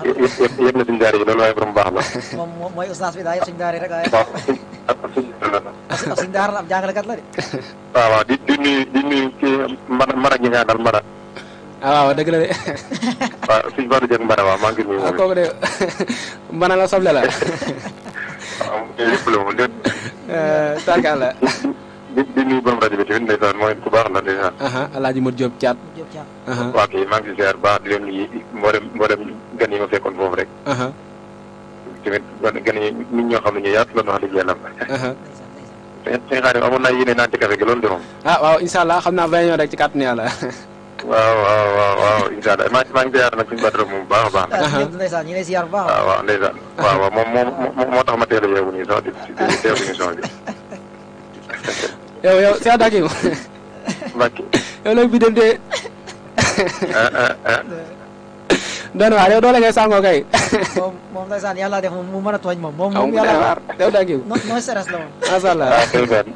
yëpp na suñu daara yi loolu waaye borom baax la. moom mooy ustaas bi daa yëpp suñu daara yi rek waaye. waaw ak suñu daara la ab jàngalekat la de. waaw a di ah, dëgg la de. waaw suñu Mbara waaw maa ngi nuyu. waaw ah, kooku de mbana la soble la. waaw lépp la eh, la. di di nuyu borom rajo bi tamit ndeysaan mooy ku baax la ndeysaan. alaaji Modou Diop Thiat. waaw kay maa ngi si ziar baax di leen li mboolem mboolem gan yi ma fekkoon foofu rek. tamit gan yi nit ñoo xam ne ñu yaatu la wax dëgg yàlla. sëñ Xaadim amoon naa yéene naan ci gi loolu de moom. Ah, xam naa vingt yoon rek ci kàttanu yàlla. waaw waaw waaw waaw incha allah maa bu baax a baax. ndeysaan ñu ngi lay ah, moo tax ma teel a yeewu nii sax di yow yow si àddaaki yow léegi bi dem de. ah ah ah. doon waar yow doole ngay sàngoo kay. moom moom ndeysaan yàlla def moom mu mën a moom. moom moom yàlla waar yow daa la moom. macha allah ah ndeysaan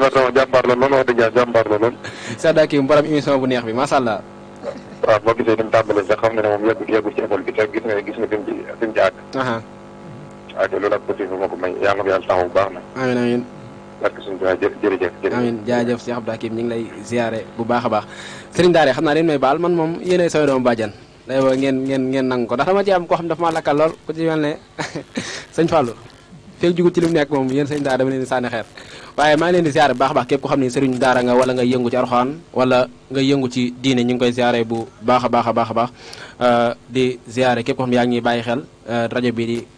ma sama jàmbaar la noonu wax dëgg yàlla jàmbaar la noonu. si àddaaki borom bu neex bi macha allah. waaw boo gisee ni mu tàmbalee sax xam nga ma ko may yàlla ko yàlla taxaw baax na. amiin amiin. barke suñu Tuubaa jëf jërëjëf jërëjëf amiin ñu ngi lay ziare bu baax a baax sëriñ Daara xam naa leen may baal man moom yéenay sama doomu bàjjan day boo ngeen ngeen ngeen nangu ko ndax dama ci ko koo xam dafa ma lakkal lool ku ci mel ne sëñ Fallou feeg jugut ci li mu nekk moom yéen sëñ Daara dama leen di sànni xeer waaye maa ngi leen di ziare baax a baax képp ko xam ne sëriñ Daara nga wala nga yëngu ci arxaan wala nga yëngu ci diine ñu ngi koy ziare bu baax a baax a baax a euh, di ziare képp yaa ngi bàyyi xel euh, rajo bi di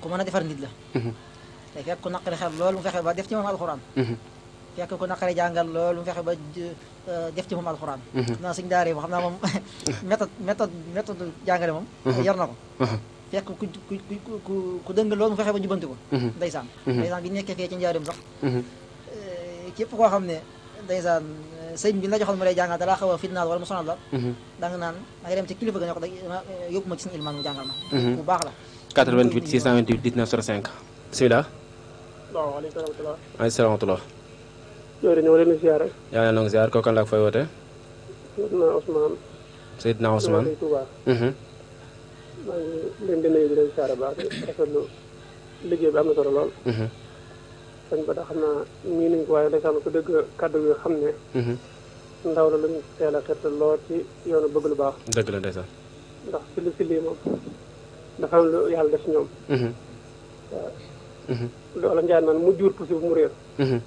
ku mën a defar nit la mhm. te fekk ku naqari xel loolu mu fexe ba def ci moom alxuraan mhm. fekk ku naqari jàngal loolu mu fexe ba euh, def ci moom alxuraan xam mhm. naa suñu daara yi xam naa moom méthode méthode méthode jàngale moom yar na ko fekk ku ku ku ku dëng loolu ko ndeysaan ndeysaan bi nekkee fee sax euh, képp koo xam ne ndeysaan euh, sëñ bi la joxoon mu lay jàngal dalaa xaw a fitnaal wala mu sonal la da naan da nga dem ci ga ne ko da yóbbu ma ci ilmaan mu jàngal ma bu baax la 88 628 19 05 bisimilah. salaamaaleykum wa rahmatulah. Dior ñoo leen di ziar. yaa ngi leen ziar kooku mhm. leen di nuyu di leen ziar baax rafetlu liggéey bi am solo lool. Mhm. sañ ba da xam naa mii waaye da ko dëgg kàddu gi xam ne. Mhm. ndaw la luñ teel a xet lool ci yoonu bëgg lu baax. dëgg la ndeysaan. ndax si li si lii moom. ndax am lu yàlla def ñoom. Mhm. waaw. loolu njaay mu jur pusi mu réer. Mhm.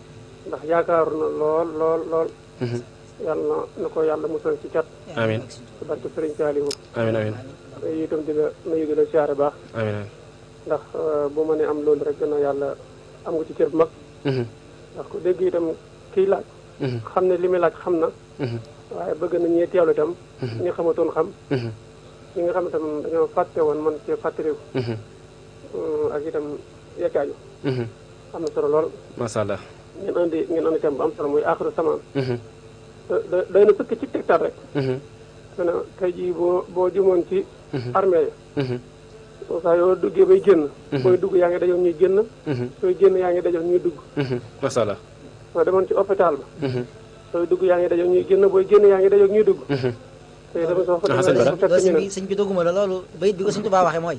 ndax yaakaaru na lool lool lool. Mhm. yàlla na ko yàlla musal ci cat. amiin ci barke Serigne Saliou. amiin amiin. yooyu itam di la nuyu baax. amiin ndax euh, bu ma ne am loolu rek gën a yàlla am nga ci cër bu mag. ndax ku dégg itam kiy laaj. xam ne li muy laaj xam na. waaye bëgg na ñee teewlu itam. ñi xamatoon xam. ñi nga xam ne tam dañoo fàtte woon mën cee fàttaliku. Mhm. Euh, ak itam yekkaaju. Mhm. am na solo lool. macha allah. ngeen andi ngeen andi tam bu am solo muy aaxiru samaan. Mhm. da day na sëkk ci tegtal rek. xanaa tey jii boo boo jumoon ci. armée yi. saa yoo duggee bay génn. booy dugg yaa ngi dajoon ñuy génn. sooy yaa ngi dajoon ñuy dugg. macha allah. demoon ci hôpital ba. sooy dugg yaa ngi dajoon ñuy génn booy génn yaa ngi dajoon ñuy dugg. sëñ bi sëñ bi doguma la loolu bayit bi ko sëñ Tuubaa waxee mooy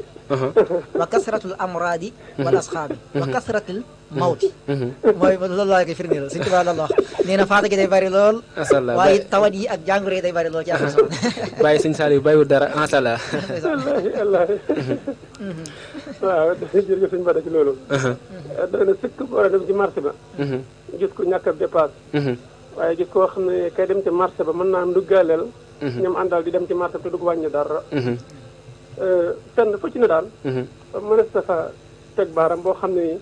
wa kasratul amraadi mhm. wal asxaabi wa mhm. kasratul mawti mhm. mooy loolu laa koy firndeel sëñ Tuubaa loolu wax nee na faata gi day bari lool waaye tawat yi ak jàngoro yi day bari lool ci àll bàyyi sëñ Saliou bàyyiwul dara macha allah waaw jërëjëf sëñ Bada ci loolu eh, doy na sëkk war a dem ci marché ba gis ko ñàkk a dépasse waaye gis koo xam ne kay dem ci marché ba mën naa am duggaaleel Mm-hmm. ñoom daal di dem ci marché te du ko wàññi dara. Mm-hmm. Euh, fenn fu ci ne daal. Mm-hmm. Euh, mënees sa fa teg baaram boo xam ne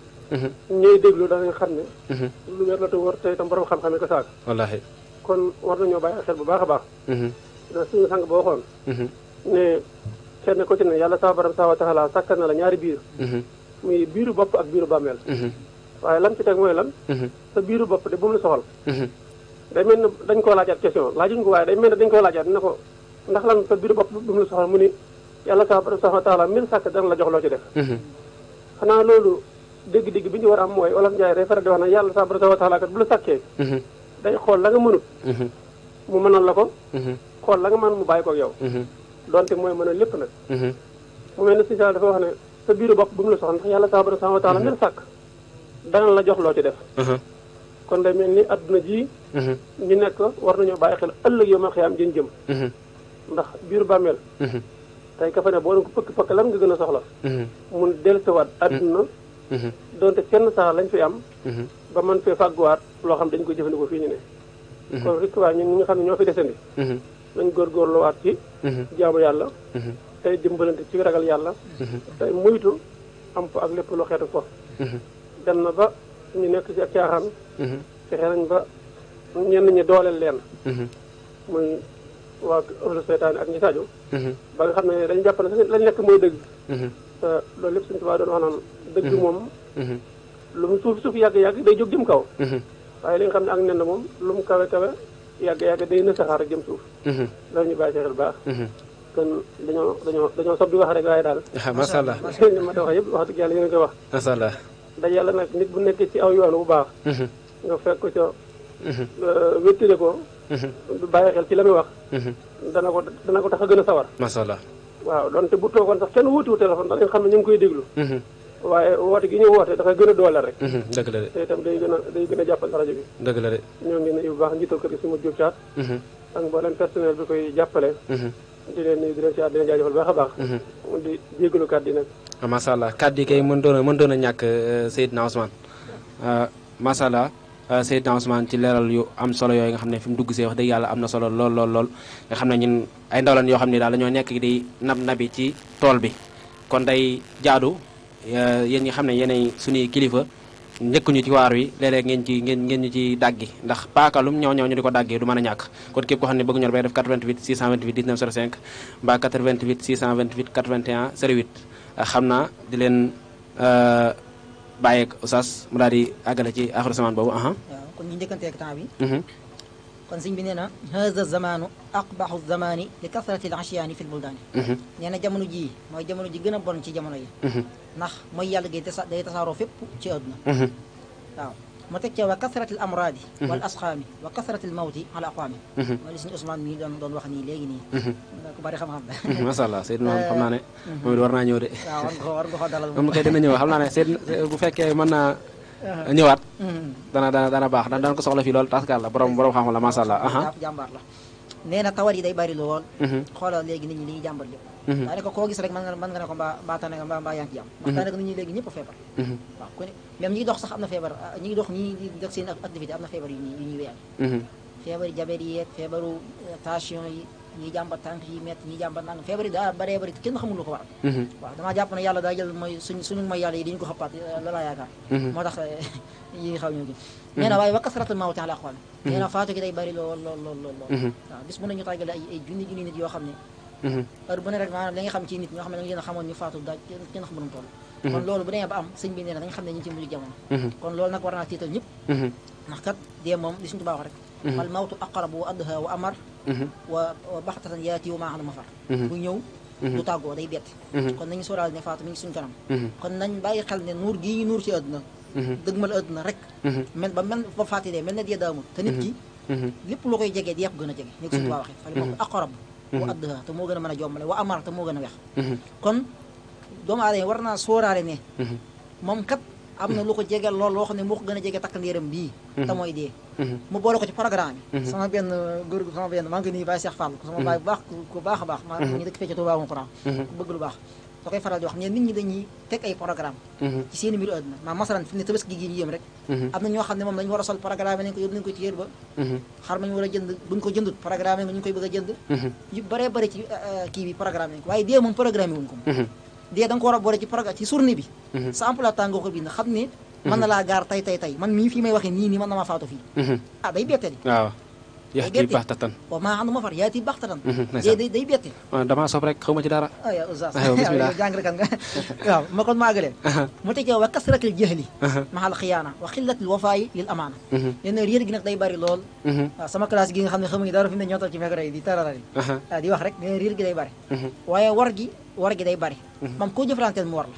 nii. déglu danañ xam ne. lu wér la te wóor te itam borom xam-xame ko saak. wallaahi kon war nañoo bàyyi xel bu baax a baax. ndax suñu sang boo xool. ne kenn ku ci ne yàlla saa borom saa wa taala na la ñaari biir. muy biiru bopp ak biiru bàmmeel. waaye lam ci teg mooy lan. sa biiru bopp de bu mu la soxal. day mel ne dañ koo laajaat question laajuñ ko waaye day mel ne dañu koo laajaat ne ko ndax lan sa biiru bopp bi mu la soxal mu ni yàlla subhanahu wa taala mil sàkk dana la jox loo ci def mhm. xanaa loolu dégg-dégg bi ñu war am mooy olof Njaay refara di wax na yàlla subhanahu wa taala kat bu la sàkkee mhm. day xool la nga mënut mhm. mu mënal la ko xool la nga mën mu bàyyi ko yow donte mooy mën a lépp nag mu mel ne si dafa wax ne sa biiru bopp bu mu la soxal ndax yàlla subhanahu wa taala mil sàkk dana la jox loo ci def kon day mel ni adduna ji mhm. ñu nekk war nañoo bàyyi xel ëllëg yow ma xiyaam jën jëm mhm. ndax biir bàmmeel mhm. tey ka fa ne boo doon ko pëkk pëkk lan nga gën a soxla mun dellusiwaat adduna donte kenn sax lañ fi am ba man fee fàgguwaat loo xam dañ koy jëfandikoo fii ñu ne kon rek waa ñun xam ne ñoo fi desandi nañ góorgóorluwaat ci jaamu yàlla tey dimbalante ci ragal yàlla tey moytu am fa ak lépp lu xeetu ko dem na ba ñu nekk ci ak caaxaan. Mhm. fexe nañ ba ñenn ñi dooleel leen. Mhm. muy waa ëllu seytaane ak ñi saaju. Mhm. ba nga xam ne dañu jàpp ne lañ nekk mooy dëgg. loolu lépp suñu tubaab doon wax naan. moom. lu mu suuf suuf yàgg yàgg day jóg jëm kaw. waaye li nga xam ne ak nen la moom lu mu kawe kawe yàgg yàgg day na saxaar rek jëm suuf. loolu ñu bàyyi ci xel baax. kon dañoo dañoo dañoo sob di wax rek waaye daal. macha allah ma doon wax yëpp wax dëgg yàlla yéen a koy wax. macha allah. ndax yàlla nag nit bu nekkee ci aw yoon bu baax. Mhm. nga fekk ca. Mhm. wéttile ko. Mhm. du bàyyi xel ci la muy wax. dana ko dana ko tax a gën a sawar. macha allah waaw donte bu toogoon sax kenn wuutiwul téléphone da nga xam ne ñu ngi koy déglu. waaye woote gi ñu woote dafay gën a doole rek. dëgg la de te itam day gën a day gën a jàppal rajo bi. dëgg la de ñoo ngi nuyu bu baax njiital kër gi suma Diop Thiat. ak mboolem personnel bi koy jàppale. di leen nuyu di leen si di a baax. di jégalu kàddu Ah, macha allah kàddu yi kay mëntoon a mëntoon a ñàkk euh, Seydina Ousmane ah, macha allah ah, Seydina Ousmane ci leeral yu am solo yooyu nga xam ne fi mu dugg see wax dëgg yàlla am na solo lool lool lool nga xam ne ñun ay ndaw yoo xam ne daal dañoo nekk di nab nabi ci tool bi kon day jaadu euh, yéen ñi xam ne yéenay suñuy kilifa njëkkuñu ci waar wi léeg ngeen ci ngeen ngeen ci dàggi ndax paakalum ñëw ñëw ñu di ko dàggi du mën a ñàkk kon képp koo xam ne bëgg ñor bay def 88 628 xam naa di leen euh, bàyyeeg oustaz mu daal di àggale ci axiru zaman boobu aha kon ñu njëkkanteeg temps bi mhm. kon sëñ bi nee na haza zamaanu aqbaxu zamaani li kasrati l asiyaani fi buldaani mhm. nee na jamono jii mooy ji gën a bon ci jamono yi mhm. ndax mooy yàlla day tasaaroo fépp ci àdduna waaw mu teg ca wa kasratil amraadi wal asxaami wa kasratil mawti ala aqwaami mooy li suñu Ousmane mii doon doon wax nii léegi nii da ko bari xam-xam la masha Allah Seydina moom xam naa war naa ñëw de waaw war nga ko war nga ko dalal moom kay dina ñëw xam naa ne Seydina bu fekkee mën naa ñëwaat dana dana dana baax daan ko soxla fii lool taskal la borom borom xam-xam la masha Allah jàmbaar la nee na tawar yi day bari lool xoolal léegi nit ñi li ñuy jàmbar daa ne ko koo gis rek mën nga mën nga ne ko mbaa tane nga mbaa mbaa yaa ngi ci jàmm ndax daanaka nit a feebar waaw ku dox sax am na feebar ñi dox ñi def seen activité am feebar yu ñuy yu ñuy weyal feebaru jabet yi feebaru tension yi ñi jàmba tànk yi metti ñi jàmba feebar daa bëree bëri kenn xamul lu ko waral waaw damaa jàpp ne yàlla daa jël la xol nee na faatu gi day bëri lool lool lool lool waaw bis mën nañu tàggale ay ay junni junni nit yoo xam ne Mhm. heure bu ne rek maanaam li nga xam ci nit ñoo xam ne mhm. kon loolu bu demee ba mhm. tiital ñëpp ndax kat dee moom mawtu aqrabu wa adha wa amar wa baxtatan yaati wa maa xam ne ma far bu ñëw du tàggoo day bett kon nañu sóoraal ne faatu mi ngi suñu kanam kon nañ bàyyi xel nuur gii nuur ci àdduna dëgmal àdduna rek mel ba mel ba faatidee mel na dee daamul te nit ki lépp lu koy jegee dee ko gën a jege ñu ko suñu tubaab mawtu aqrabu wa mhm. addaha te moo gën a mën a jombale wa amar te wa gën a wex mhm. kon doomu aadama war naa sóoraale ne mhm. moom kat am na lu ko lool loo xam ne moo gën a jege takk ndéeram bii te mooy dee mu boole ko programme bi sama benn góor sama benn maa ngi nii Baye Cheikh Fall sama baay bu baax ku baax a baax maa ngi dëkk fee ci Touba mu Quran ku bëgg baax soo koy faral di wax ne nit ñi dañuy teg ay programme mhm. ci seen mbiru àdduna maam masalan ne tabaski gi ñu yëm rek mhm. am na ñoo xam ne moom dañu war a sol programme nañ ko yóbbu mhm. a koy bëgg a jënd yu bëree ci euh, euh, kii bi programme nañ ko waaye dee moom programme wuñ dee da nga ko a ci programme ci journée bi sa emploi temps nga ko bind xam ne mën na laa gaar tay tay tay man mii fii may waxee nii nii mën na maa faatu fii ah day bettali waaw yaxti baxtatan mhm, hmm, oh, wa maa an mafar yaati baxtatan day day betti damaa soob rek xaw ma ci dara ya oustaz bismillah jàngalekat nga waaw ma kon maa gëlee mu tëjee wa kasratil jahli maxal xiyaana wa xillatil wafaayi lil amaana mhm. nee na réer gi nag day bari lool waaw mhm. ah, sama classe gi nga xam ah, ne xamuñu dara fi mu ne ñoo toog ci micro yi di tararari di wax rek nee na réer gi day bari waaye war gi war gi day bari maam mhm. koo jëflanteel mu war la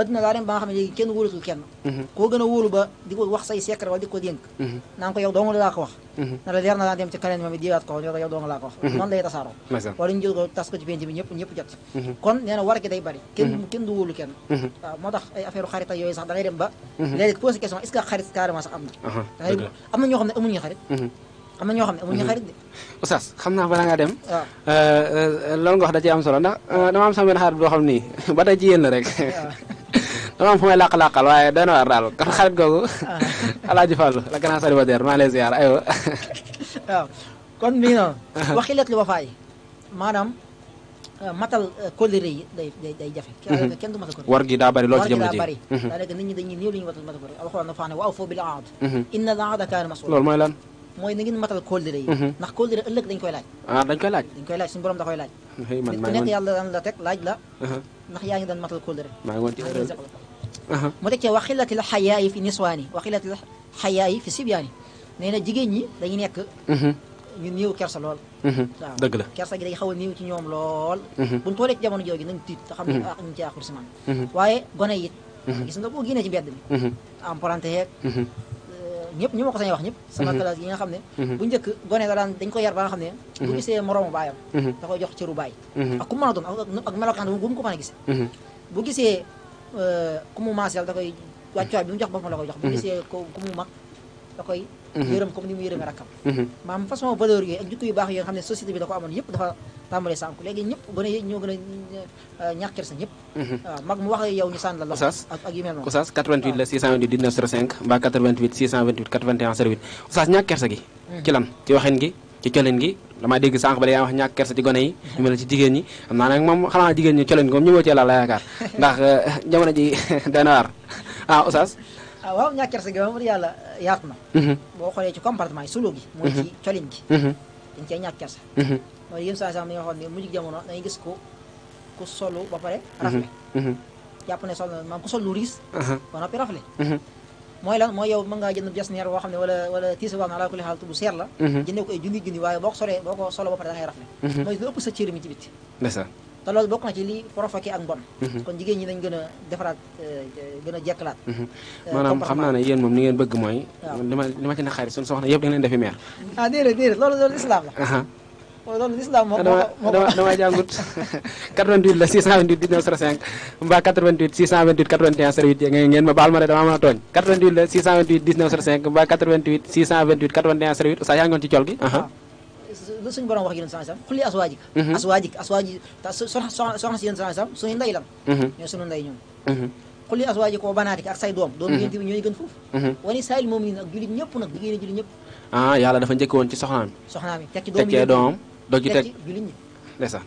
adduna mhm. daa ba nga xam ne léegi kenn wóolatul kenn mhm. koo gën a wóolu ba di wax say secret wala di ko dénk ko yow dong laa wax na leer na laa dem ci keneen moom it diwaat ko ko wax noonu tas ko ci penc bi ñëpp ñëpp kon nee war gi bari kenn kenn du wóolu kenn waaw moo tax xarit ak yooyu sax da ngay dem ba léeg-léeg posé question est-ce sax am na am na ñoo xam xarit am na ñoo xam ne na xarit de. oustaz euh, da cee euh, xarit boo xam nii ba tey rek. dama am fu may làq waaye doy na waar daal kon xarit ah. googu. Alaaji Fall la grand célibataire maa ngi lay ziar aywa. waaw kon mi ngi noonu. Uh-huh. waxi leet lu ba faay maanaam euh, matal kóllëre yi day day day jafe. Uh-huh. kenn du matal kóllëre war gi daa bëri lool ci jamono ji war gi daa bëri. Uh-huh. daanaka nit ñi dañuy néew li ñu matal matal kóllëre alxuraan dafa ne waaw foofu bi la aad. inna al aada kaana masuula mooy na ngeen matal kóllëre yi mhm. ndax kóllëre ëllëg dañ koy laaj ah dañ koy laaj dañ koy laaj suñu borom da koy laaj nit ku nekk yàlla daan la teg laaj la uh-huh. ndax yaa ngi daan matal kóllëre uh-huh. mu teg cee wa xillatil xayaa yi fi niswaani wa xillatil xayaa yi fi sibyaani nee na jigéen ñi dañu nekk uh-huh. ñu néew kersa lool waaw dëgg la kersa gi day xaw a néew ci ñoom lool buñ toolee ci jamono jooju nañ tiit te xam ne ah ñu ci aaxur siman waaye gone it gis nga boo génnee ci mbedd mi emprunté yeeg ñëpp ñi a ko sañ wax ñëpp sama mhm. classe yi a xam ne mhm. bu njëkk gone da daan dañ ko yar ba ne bu mhm. gisee moroomu baayam da koy jox cëru baay a doon ak melokaan a gisee euh, koy wàccuwaay bi mu jox la koy jox bu gisee ku mu mag a koy yërëm comme ni mu yërëmee rakkam maanaam façon valeur yooyu ak jikko yu baax yi nga xam ne société bi da ko amoon yëpp dafa tàmbalee sànku léegi ñëpp gën a ñoo gën a euh, ñàkk kersa ñëpp waaw mhm. ah, mag mu wax yow ñu sànni la loxo ak ak yu mel la 628 19 05 mbaa 88 628 81 08 Oustaz ñàkk kersa gi mhm. ci lan ci waxin gi ci colin gi damaa dégg sànq ba da wax ñàkk ci gone yi mhm. ci colin gi moom ñëwoo ci yàlla yaakaar ndax euh, jamono ji dana waar ah, ah, waaw ñàkk kersa gi moom euh, ci colin gi dañ cee ñàkk kersa loolu yëpp saa saa mi nga xam ne mujj jamono dañuy gis ko ku solu ba pare rafle mhm, mhm. jàpp ne sol maam ku sol lu riis mhm. ba noppi rafle mooy lan mooy yow mën ngaa jënd jasneer boo xam ba pare da ngay rafle mooy lu ëpp sa cër mi ci biti te loolu bokk na ci li provoqué ak mbon kon jigéen ñi nañ gën a defaraat euh, gën a jekkalaat euh, maanaam xam naa ne yéen moom ni ma li ma ci naqaari suñu soxna yëpp da ngeen defi meer ah déedéet déedéet loolu loolu islam mooy loolu lislaam moo ko damaa jàngut 88 la 628 19 05 mbaa 88 628 81 08 ngeen ma baal ma ne damaa mën a tooñ 88 la 628 19 05 mbaa 88 628 81 08 Oustaz yaa ngoon ci col gi lu suñu borom wax yéen saa sam xulli aswaajik mhm. aswaajik aswaajik soxna si yéen saa sam suñu ndey lan mhm. ñooy suñu ndey ñoom mhm. xulli aswaajik wa banaatik ak say doom doom yéen ñooy gën foofu wani saayil moom yi ak julit ñëpp nag jigéen ñi julit ñëpp ah yàlla dafa njëkk woon ci soxnaam soxnaam yi teg ci doom yi doom doo ci teg jullit ñi ndeysaan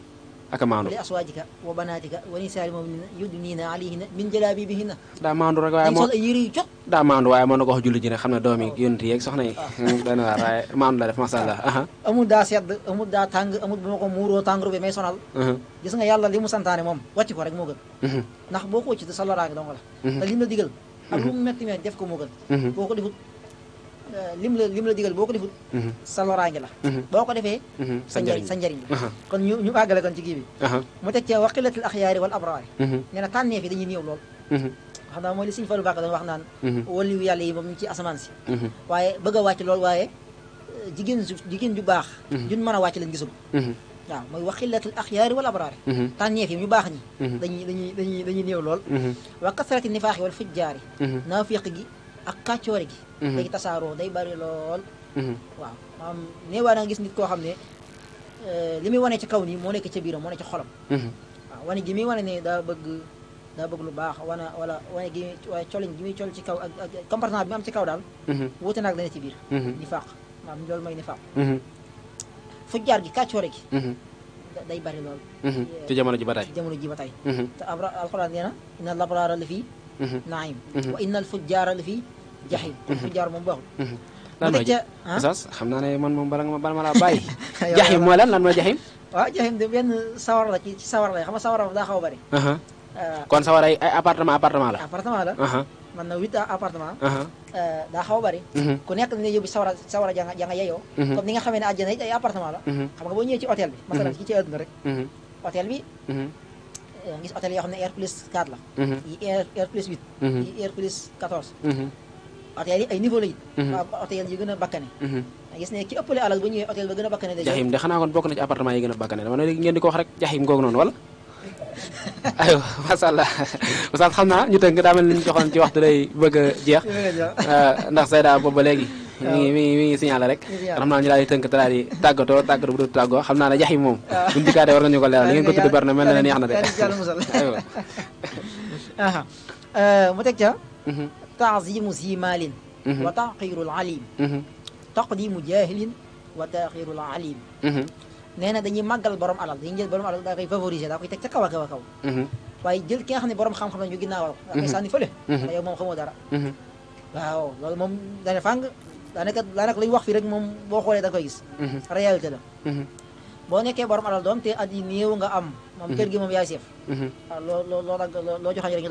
ak a maandu li aswaajika wa banaatika wa nisaa'il mu'miniina yudniina alayhinna min jalaabiibihinna daa maandu rek waaye moo ay yëre yu jot daa maandu waaye mën na ko wax jullit ne xam ne doomi ah. yonent yeeg soxna yi ah. hmm, maandu la def masha Allah ah. daa tàng amul bu ma ko muuroo tàngoor bi may sonal gis nga yàlla li mu santaane moom wàcc ko rek moo gën ndax boo ko wàcc te sa loraange dong la te li mu la digal ak lu mu metti metti def ko moo gën boo ko defut lim la lim la digal boo ko deful mhm. sa loraange la mhm. boo ko defee mhm. sa njëriñ sa njëriñ la kon ñu ñu àggale kon ci gii bi a teg a waqilatil axyaari wal abraari nee na tànnee fi dañuy néew lool xam naa mooy li Sëriñ Fallu Mbàkke doon wax naan waliyu yàlla yi moom ñu ci asamaan si waaye bëgg a wàcc lool waaye eh, jigéen ju jigéen ju baax juñ a wa xillatul axyaari ak kàccoor gi mhm. tasaaroo day bari lool mhm. waaw maanaam neewaa da gis nit koo xam ne euh, li muy wane ci kaw nii moo nekk ca biiram moo ci xolam mhm. waaw wane gi muy wane ne daa bëgg daa bëgg lu baax wana wala wane gi waaye colin gi muy col ci kaw ak ak bi am ci kaw daal wuute naag dana ci biir ni fàq maanaam loolu mooy ni fàq fujjaar gi kàccoore gi day bari lool ci jamono ji ba tey jamono ji ba tey te alxuraan nee na wa inna al fujjaara la fii jaxin mhm. ku fi jaar moom baaxul mhm. lan mooy ah? sas xam naa ne man moom bala ma bala ma laa bàyyi jaxim mooy lan lan mooy jaxim waaw ah, jaxim de benn sawar la ci sawar la xam nga sawar moom daa xaw a bëri ah. kon sawar ay appartement appartement la appartement la man na huit appartement daa xaw a ni nga xamee ne àjjana la mhm. xam nga boo ñëwee ci hôtel bi masalan ci ci àdduna rek hôtel bi eh, gis hôtel yoo xam ne R plus 4 yi R plus 8 yi R plus 14 hôtel yi ay niveau la a bakkane gis a bakkane da jaxim de xanaa kon bokk na ci appartement yi gën bakkane dama ne naa ñu tënk daa mel ni ñu joxoon ci waxtu lay bëgg a jeex ndax Seyda boobu ba léegi mi ngi mi ngi mi ngi signalé rek xam naa ñu daal di tënk te daal di tàggatoo tàggatoo bu dul tàggoo xam naa ne jaxim moom buñu dikkaatee war nañu ko leeral li ngeen ko tudd bari na mel mu teg ca taazimu zimalin wa taqiirul alim taqdimu jahilin wa taqiirul alim nee na dañuy màggal borom alal dañuy jël borom alal daa koy favoriser a kaw a kaw waaye jël ki nga xam ne borom xam-xam la ñu ginnaawal daa koy sànni fële da yow moom xamoo dara waaw loolu wax fi rek moom boo xoolee da koy gis réalité la boo nekkee borom alal doom te at yi néew nga am moom kër gi moom yaay seef waaw loo loo loo loo joxañ rek ñu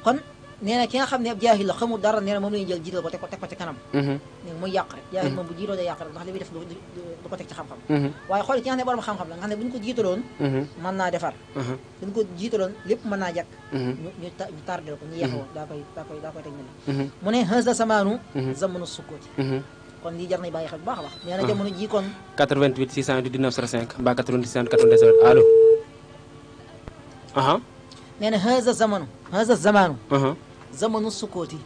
kon nee na ki nga xam ne ab jaahil la xamul dara ne na moom la ñuy jël jiital ko teg ko teg ko ci kanam mhm. nee na mooy yàq rek jaahil mhm. moom bu jiitoo li ko teg ci mhm. waaye xool ki xam xam la nga xam ne bu ko jiitaloon naa defar bu ñu ko jiitaloon lépp mën naa jàkk ñu tardel ko ñu yeexoo daa koy daa koy daa koy teg ne mu ne hasa samaanu zamanu sukkooti kon lii jar nañ bàyyi xel bu baax a baax ah. nee na jamono jii kon 88 628 19 05 mbaa nee na haza zamanu haza zamanu zamanu sukkooti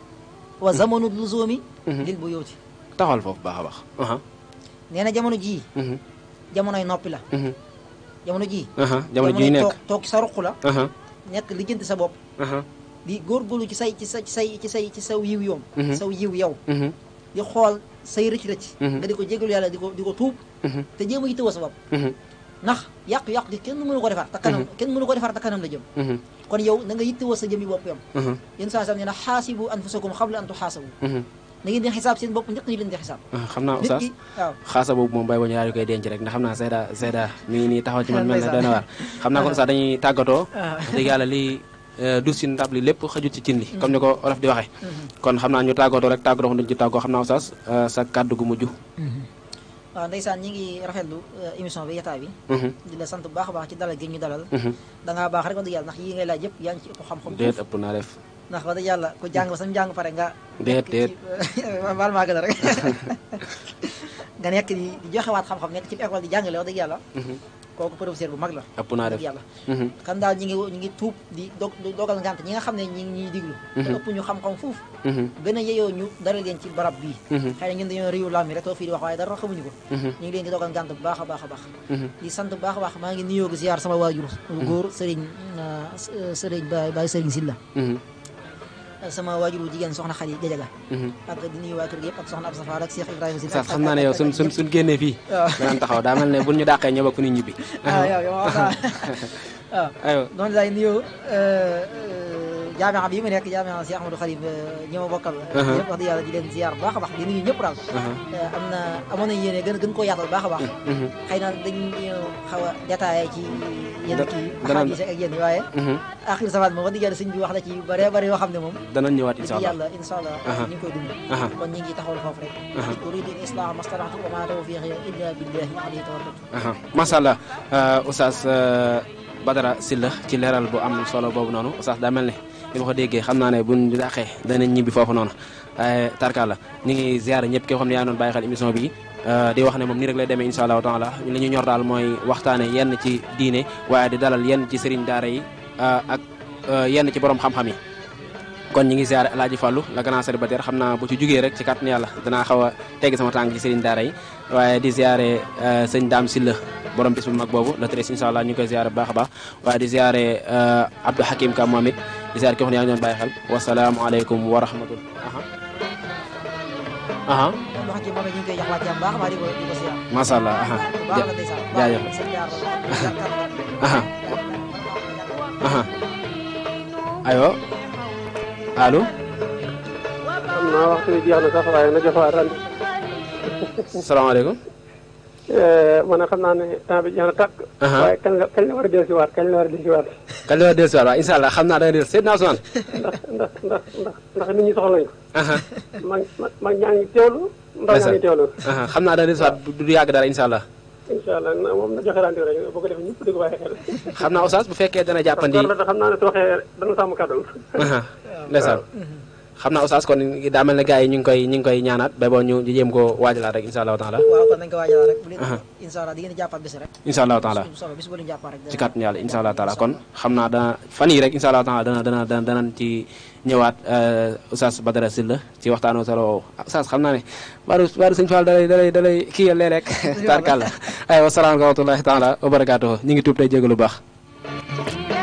wa zamanu luzoomi lil bu yóoti taxal foofu baax a baax nee na jamono jii jamonoy noppi la jamono jii jamono jii nekk toog sa ruq la nekk lijjanti sa bopp di góorgóorlu ci say ci sa ci say ci say ci saw yiw yoom saw yiw yow di xool say rëcc-rëcc nga di ko jégalu yàlla di ko di ko tuub te jéem a yittewoo sa bopp ndax yàqu-yàqu gi kenn mënu ko defar te kanam kenn mënu ko defar te kanam la jëm kon yow na nga yittewoo sa jëmmi bopp yam mhm. yéen saa sam nee na xaasibu anfusakum xabla an tuxaasabu mhm. na ngeen di xisaab seen bopp njëkk ñu leen di xisaab mhm, xam naa oustaz waaw xaasa boobu moom bay ba ñu daal di koy denc rek ndax xam naa Seyda Seyda mi ngi nii taxaw ci man mel na doy na waar xam naa kon sax dañuy tàggatoo ah. wax dëgg yàlla lii euh, du sin ndab ci cin li comme ni ko olof di waxee kon xam naa ñu tàggatoo rek tàggatoo duñ ci tàggoo xam naa oustaz euh, sa kàddu gu mujj waaw ah, ndeysaan ñi ngi rafet eh, émission bi yataa bi mhm. di la sant bu baax baax ci dalal gi ñu dalal mhm. da ngaa baax rek wax dëgg yàlla ndax yii ngay laaj yëpp yaa ngi ci ëpp xam-xam déet ëpp naa def jàng ba jàng pare nga déet déet eh, baal maa gën a rek nga nekk di joxewaat xam-xam nekk ci école di jàngale wax dëgg yàlla mhm. kooku professeur bu mag la. ëpp naa def yàlla. Mhm. xam daal ñi ngi ñu di dogal ngant ñi xam ne ñi ngi ñuy diglu. Mhm. te xam-xam foofu. Mhm. gën a ñu dara leen ci barab bii. xëy na ñun dañoo réew laam mi wax waaye dara xamuñu ko. ñu leen dogal ngant bu baax a a di sant bu baax a baax maa ngi nuyoo sama waajur. góor Serigne euh, Baye Serigne Silla. sama waajur wu jigéen soxna xali Gajaga mhm. ak di nuyu waa kër gi yëpp ak soxna ab safar ak Cheikh Ibrahima si sax xam naa ne yow sun sun suñ génnee fii danañ taxaw daa ne buñ ñu dàqee ñoo bokk ñibbi waaw ah, yow yow waaw jaamia bi mu nekk jaamia si Ahmadou Xadim euh, ñi ma bokkal uh-huh. ñëpp wax dëgg yàlla di a baax di nuyu ñëpp daal uh-huh. euh, am na amoon nañ yéene gën gën koo yaatal baax a baax uh-huh. xëy na dañ xaw a détaillé ci yenn kii xaalis ak yéen waaye axir safaan moom wax dëgg yàlla sëñ bi wax na ci bare bare yoo xam ne moom danañ ñëwaat incha allah yàlla incha allah ñu ngi koy dund kon ñu ngi taxawal foofu rek uridu islah mastata'tu wa ma tawfiqi illa billahi alayhi tawakkaltu masha allah euh, oustaz Badara Sylla ci leeral bu am solo boobu noonu oustaz daa mel ne li ma ko déggee xam naa ne buñ dàqee danañ ñibbi foofu noonu waaye tarkaal la ñu ngi ziar ñëpp ke xam ne yaa doon bàyyi xel émission euh, di wax ne moom nii rek lay demee incha allahu taala la ñu ñor daal mooy waxtaane yenn ci diine waaye di dalal yenn ci sëriñ daara yi euh, ak euh, yenn ci borom xam-xam yi kon ñi ngi ziar alaaji fàllu la grand célibataire xam naa bu ci jugee rek ci kàttan yàlla dana xaw a tegg sama tànk ci sëriñ daara yi waaye di ziare sëñ daam silla borom bis bu mag boobu la treize incha allah ñu koy ziare bu a baax waaye di ziare abdou hakim ka moom di seet ki xam ne yaa ngi doon bàyyi xel wasalaamaaleykum wa rahmatul aha aha wax ji moom ñu ngi koy jox waa jàmm baax waa di ko di ko siyaar macha allah aha jaajëf aha aha ayo allo am naa waxtu bi jeex na sax waaye na jox waa rand salaamaaleykum Eh, man a xam naa ne temps bi jeex waaye kañ la kañ la war a dellusiwaat kañ la war a dellusiwaat. kañ la war a dellusiwaat waaw incha allah xam naa da nga dellu seet naa Ousmane. ndax ndax ndax ndax ndax nit ñi soxla ñaa ngi teewlu. ndaw ñaa ngi teewlu. xam da nga dellusiwaat du yàgg dara incha allah. incha allah moom na joxe rendez-vous rek di ko xel. xam naa Oustaz bu fekkee dana jàppandi. xam naa ne su waxee dana sàmm kàddu. ndeysaan xam naa oustaz kon daa mel ne gars yi ñu ngi koy ñu ngi koy ñaanaat ba boo ñu jéem ko waajalaat rek incha allahu ko waajalaat rek bu leen incha allah di ngeen jàppaat bis rek incha allahu taala bis bu leen jàppaat rek ci kàttan yàlla incha allahu taala kon xam naa dana fan yi rek incha allahu taala dana dana ci ñëwaat euh, oustaz Badara Sylla ci waxtaanu solo oustaz xam naa ne baaru baaru sëñ Fall dalay dalay dalay kii yal rek tarkalla ay wasalaamaaleykum wa rahmatullahi taala wa barakaatuhu ñu ngi tuub tey jégalu baax